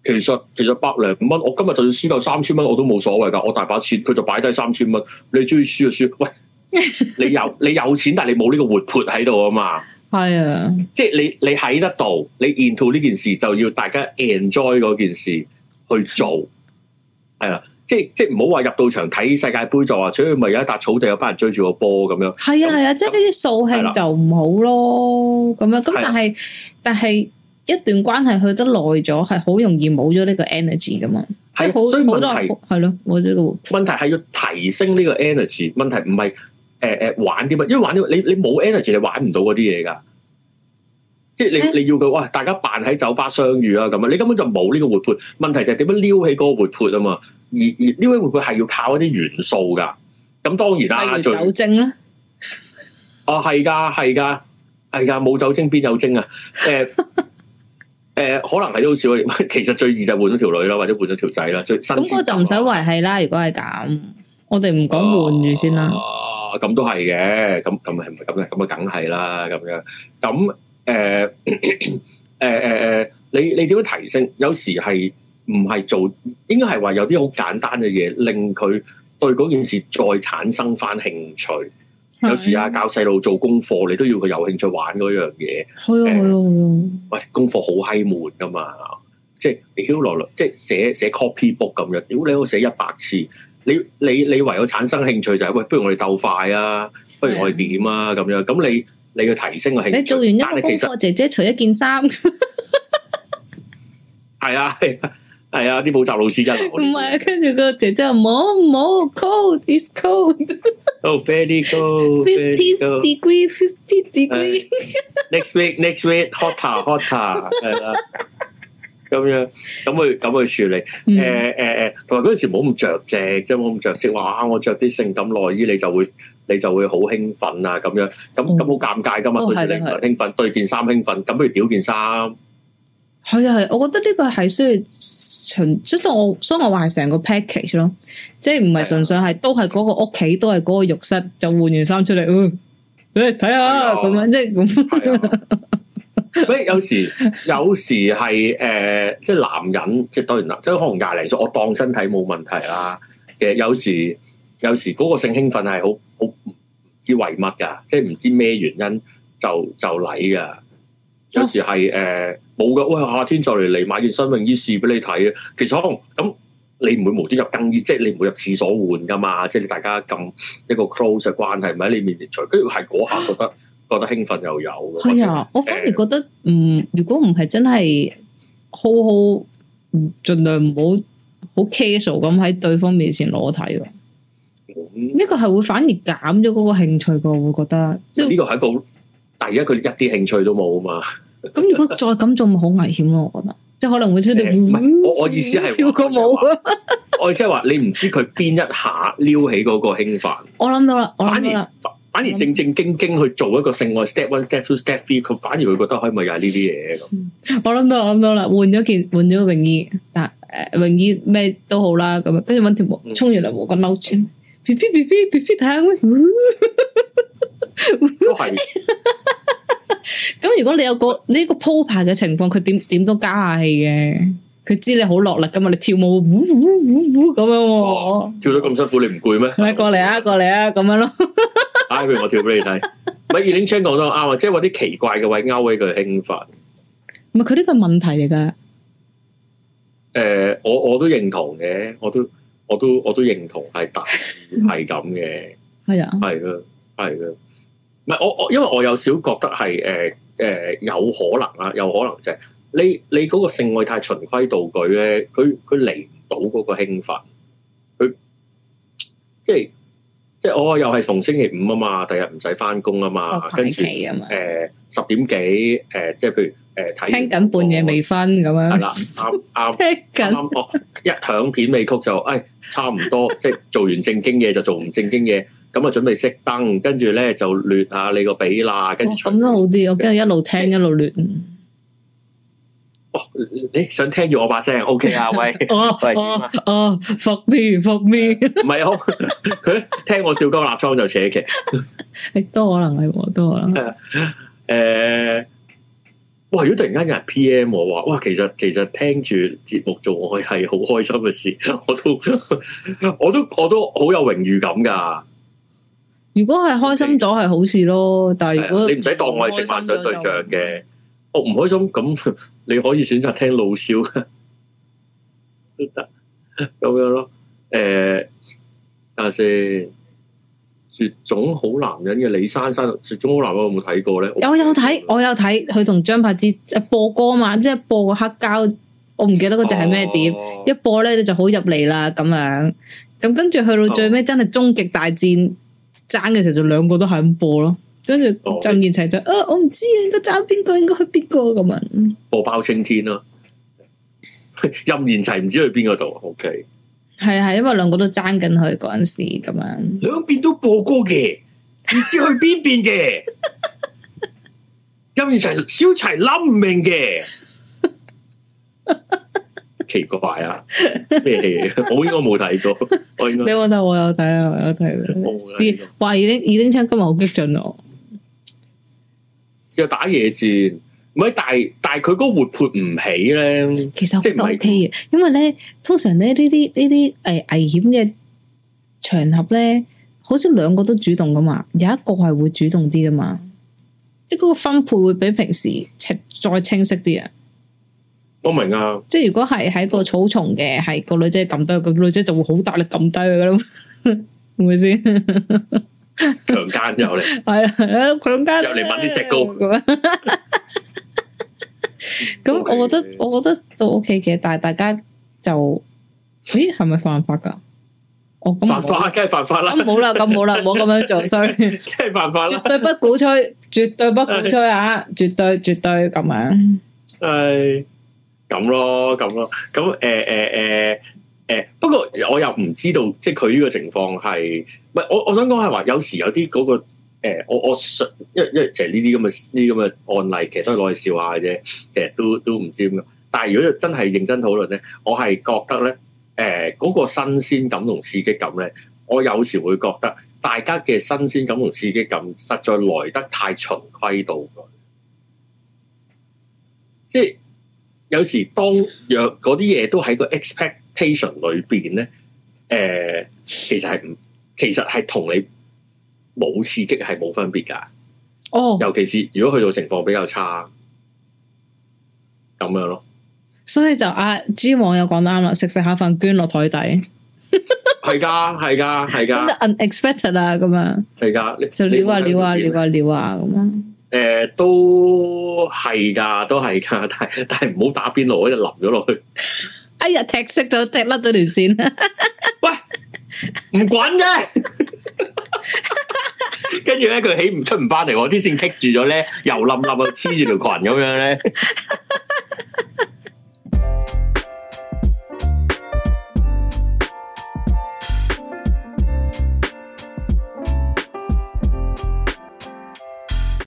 其實其實百零五蚊，我今日就算輸夠三千蚊，我都冇所謂噶。我大把錢，佢就擺低三千蚊。你中意輸就輸，喂，你有 你有錢，但係你冇呢個活潑喺度啊嘛。係啊， 即係你你喺得到，你 into 呢件事就要大家 enjoy 嗰件事去做。係啊，即係即係唔好話入到場睇世界杯就話，除非咪有一笪草地有班人追住個波咁樣。係啊係啊，係即係呢啲掃興就唔好咯。咁的樣咁，但係的但係。一段關係去得耐咗，係好容易冇咗呢個 energy 噶嘛，的即係好多係咯，我呢個問題係要提升呢個 energy，問題唔係誒誒玩啲乜，因為玩啲，這個，你你冇 energy 你玩唔到嗰啲嘢噶，即係你你要嘅，哇，大家扮喺酒吧相遇啊，咁啊，你根本就冇呢個活潑，問題就係點樣撩起嗰個活潑啊嘛，而而撩起活潑係要靠一啲元素噶，咁當然啦，啊，酒精啦，哦係噶係噶係噶，冇酒精邊有精啊，誒，欸。 誒、呃，可能係都好少，其實最易就換咗條女啦，或者換咗條仔啦，最咁、啊、就唔使維係啦。如果係咁，我哋唔講換住先啦。咁都係嘅。咁咁係咪咁咧？咁啊，梗係啦。咁樣咁誒誒誒誒，你你點樣提升？有時係唔係做，應該係話有啲好簡單嘅嘢，令佢對嗰件事再產生翻興趣。有時啊，教細路做功課，你都要佢有興趣玩嗰樣嘢。係啊，喂、呃啊呃，功課好閪悶噶嘛，即係你屌來啦，即係寫寫 copy book 咁樣，屌你要寫一百次，你你你唯有產生興趣就係、是、喂，不如我哋鬥快啊，不如我哋點啊咁、啊、樣，咁你你要提升個興趣，你做完一功課，其實我姐姐除一件衫，係 啊，係啊。係啊，啲補習老師真係唔係啊，跟住個姐姐話冇冇，cold it's cold。摸摸 oh, very cold. Fifteen degree, fifteen degree.、Uh, next week, next week hotter, hotter，係啦、 啊。咁樣咁去咁去處理，誒誒誒，同埋嗰陣時冇咁着職，即係冇咁着職。話啊，我着啲性感內衣你，你就會你就會好興奮啊，咁樣咁咁好尷尬噶嘛。對住你 oh, 是是興奮對件衫興奮，咁不如屌件衫。係啊係，我覺得呢個係需要純，即係我所以我話成個 package 咯，即係唔係純粹係都係嗰個屋企，都係嗰個浴室就換完衫出嚟，嗯，你睇下咁樣，即係咁。所以有時有時係誒、呃，即係男人，即係當然啦，即係可能廿零歲，我當身體冇問題啦。其實有時有時嗰個性興奮係好好唔知為乜噶，即係唔知咩原因就就嚟噶。有時係誒冇嘅，喂、oh. 欸、夏、哎、天再嚟嚟買件新泳衣試俾你睇啊！其實可能咁你唔會無端入更衣，即係你唔會入廁所換噶嘛，即係你大家咁一個 close 嘅關係，喺你面前除。跟住係嗰下覺得 覺得興奮又有，有。係啊，以我反而覺得，嗯，如果唔係真係好好，盡量唔好好 casual 咁喺對方面前裸體，呢、嗯、個係會反而減咗嗰個興趣噶，我會覺得。呢個係一個。而家佢一啲興趣都冇啊嘛 ，咁如果再咁做咪好危險咯、啊？我覺得，即係可能會即係你，我我意思係跳個冇。我意思係話 你唔知佢邊一下撩起嗰個興奮。我諗到啦，反而我諗到啦，反而正正經經去做一個性愛，step one step two step three，佢反而會覺得可以咪又係呢啲嘢咁。我諗到我諗到啦，換咗件換咗個泳衣，但誒、呃、泳衣咩都好啦，咁跟住揾條毛巾，衝完涼，我個嬲穿。嗶嗶嗶嗶睇下都係。咁如果你有個呢個鋪排嘅情況，佢點點都加下氣嘅，佢知你好落力噶嘛？你跳舞，咁樣，跳得咁辛苦，你唔攰咩？過嚟啊，過嚟啊，咁樣咯。唉，譬如我跳俾你睇，咪二零 check 講得啱啊，即係話啲奇怪嘅位勾起佢興奮。唔係佢呢個問題嚟噶。誒，我我都認同嘅，我都。我都我都認同係大係咁嘅，係 啊，係啊，係啊。唔係，我我因為我有少覺得係誒誒有可能啊，有可能就係你你嗰個性愛太循規蹈矩咧，佢佢嚟唔到嗰個興奮，佢即係即係我、哦、又係逢星期五啊嘛，第日唔使返工啊嘛，跟住誒十點幾誒、呃，即係譬如。聽緊半夜未瞓咁啊！係啦，啱啱啱，我一響片尾曲就，哎，差唔多，即係做完正經嘢就做唔正經嘢，咁啊，準備熄燈，跟住咧就捋下你個髀啦，跟住咁都好啲，我跟住一路聽一路捋。哦，誒，想聽住我把聲，OK 啊，威哦哦 fuck me fuck me，唔係啊，佢聽我笑江立莊就扯旗，係都可能係，都可能誒。哇！如果突然間有人 P. M 我話，哇，其實其實聽住節目做我係好開心嘅事，我都我都我都好有榮譽感㗎。如果係開心咗係好事咯，Okay. 但係如果、啊、你唔使當我係食飯對象嘅，我唔開、哦、開心，咁你可以選擇聽老少都得，咁 樣咯。誒，等下先。絕種好男人嘅李珊珊，絕種好男人有冇睇過咧？我有睇，我有睇，佢同張柏芝誒播歌嘛，即係播個黑膠，我唔記得嗰隻係咩碟。哦、一播咧，你就好入嚟啦咁樣。咁跟住去到最尾、哦、真係終極大戰爭嘅時候，就兩個都係咁播咯。跟住任賢齊就誒、哦啊，我唔知啊，應該爭邊個，應該去邊個咁啊。播包青天啦、啊，任賢齊唔知去邊個度？O K。OK 係啊，係，因為兩個都爭緊佢嗰陣時咁樣，兩邊都播歌嘅，唔知去邊邊嘅，今次齊燒齊諗唔明嘅， 奇怪啊！咩戲？我應該冇睇到，我應該你話得我有睇啊，有睇啦。這個 哇！二丁二丁昌今日好激進哦、啊，又打野戰。唔係，但係但係佢個活潑唔起咧，其實即係唔係嘅，因為咧通常咧呢啲呢啲誒危險嘅場合咧，好似兩個都主動噶嘛，有一個係會主動啲噶嘛，即係嗰個分配會比平時再清晰啲啊，都明啊，即係如果係喺個草叢嘅，係我個女仔撳低，個女仔就會好大力撳低佢噶啦，係咪先強姦有嚟你？係啊、哎，強姦有嚟搵啲石膏 咁我覺得，我覺得都 OK 嘅，但係大家就，咦，係咪犯法噶？我咁犯法，梗係犯法啦。咁好啦，咁好啦，唔好咁樣做，所以梗係犯法啦。絕對不鼓吹、啊， 絕對不鼓吹啊！絕對絕對咁樣，係咁咯，咁咯，咁誒誒誒誒，不過我又唔知道，即係佢呢個情況係，唔係我我想講係話，有時有啲嗰、嗰個。誒、呃，我我想，因為因為其實呢啲咁嘅呢啲咁嘅案例，其實都係攞嚟笑下嘅啫。其實都都唔知點，但係如果真係認真討論咧，我係覺得咧，誒、呃、嗰個新鮮感同刺激感咧，我有時會覺得大家嘅新鮮感同刺激感，實在來得太循規蹈㗎。即係有時當若嗰啲嘢都喺個 expectation 裏邊咧，誒、呃，其實係唔，其實係同你。冇刺激係冇分別噶，哦，oh. 尤其是如果去到情況比較差，咁樣咯。所以就啊，G 網又講啱啦，食食下飯捐落台底，係噶係噶係噶，unexpected 啊咁的樣，係噶的，你就撩啊撩啊撩啊撩啊咁樣。誒、呃，都係噶，都係噶，但但唔好打邊爐嗰陣淋咗落去。 哎呀，踢色咗，踢甩咗條線。 唔滾啫，跟 不滾、啊 哦、住咧佢起唔出唔翻嚟，啲線棘住咗咧，又冧冧啊，黐住條裙咁樣咧。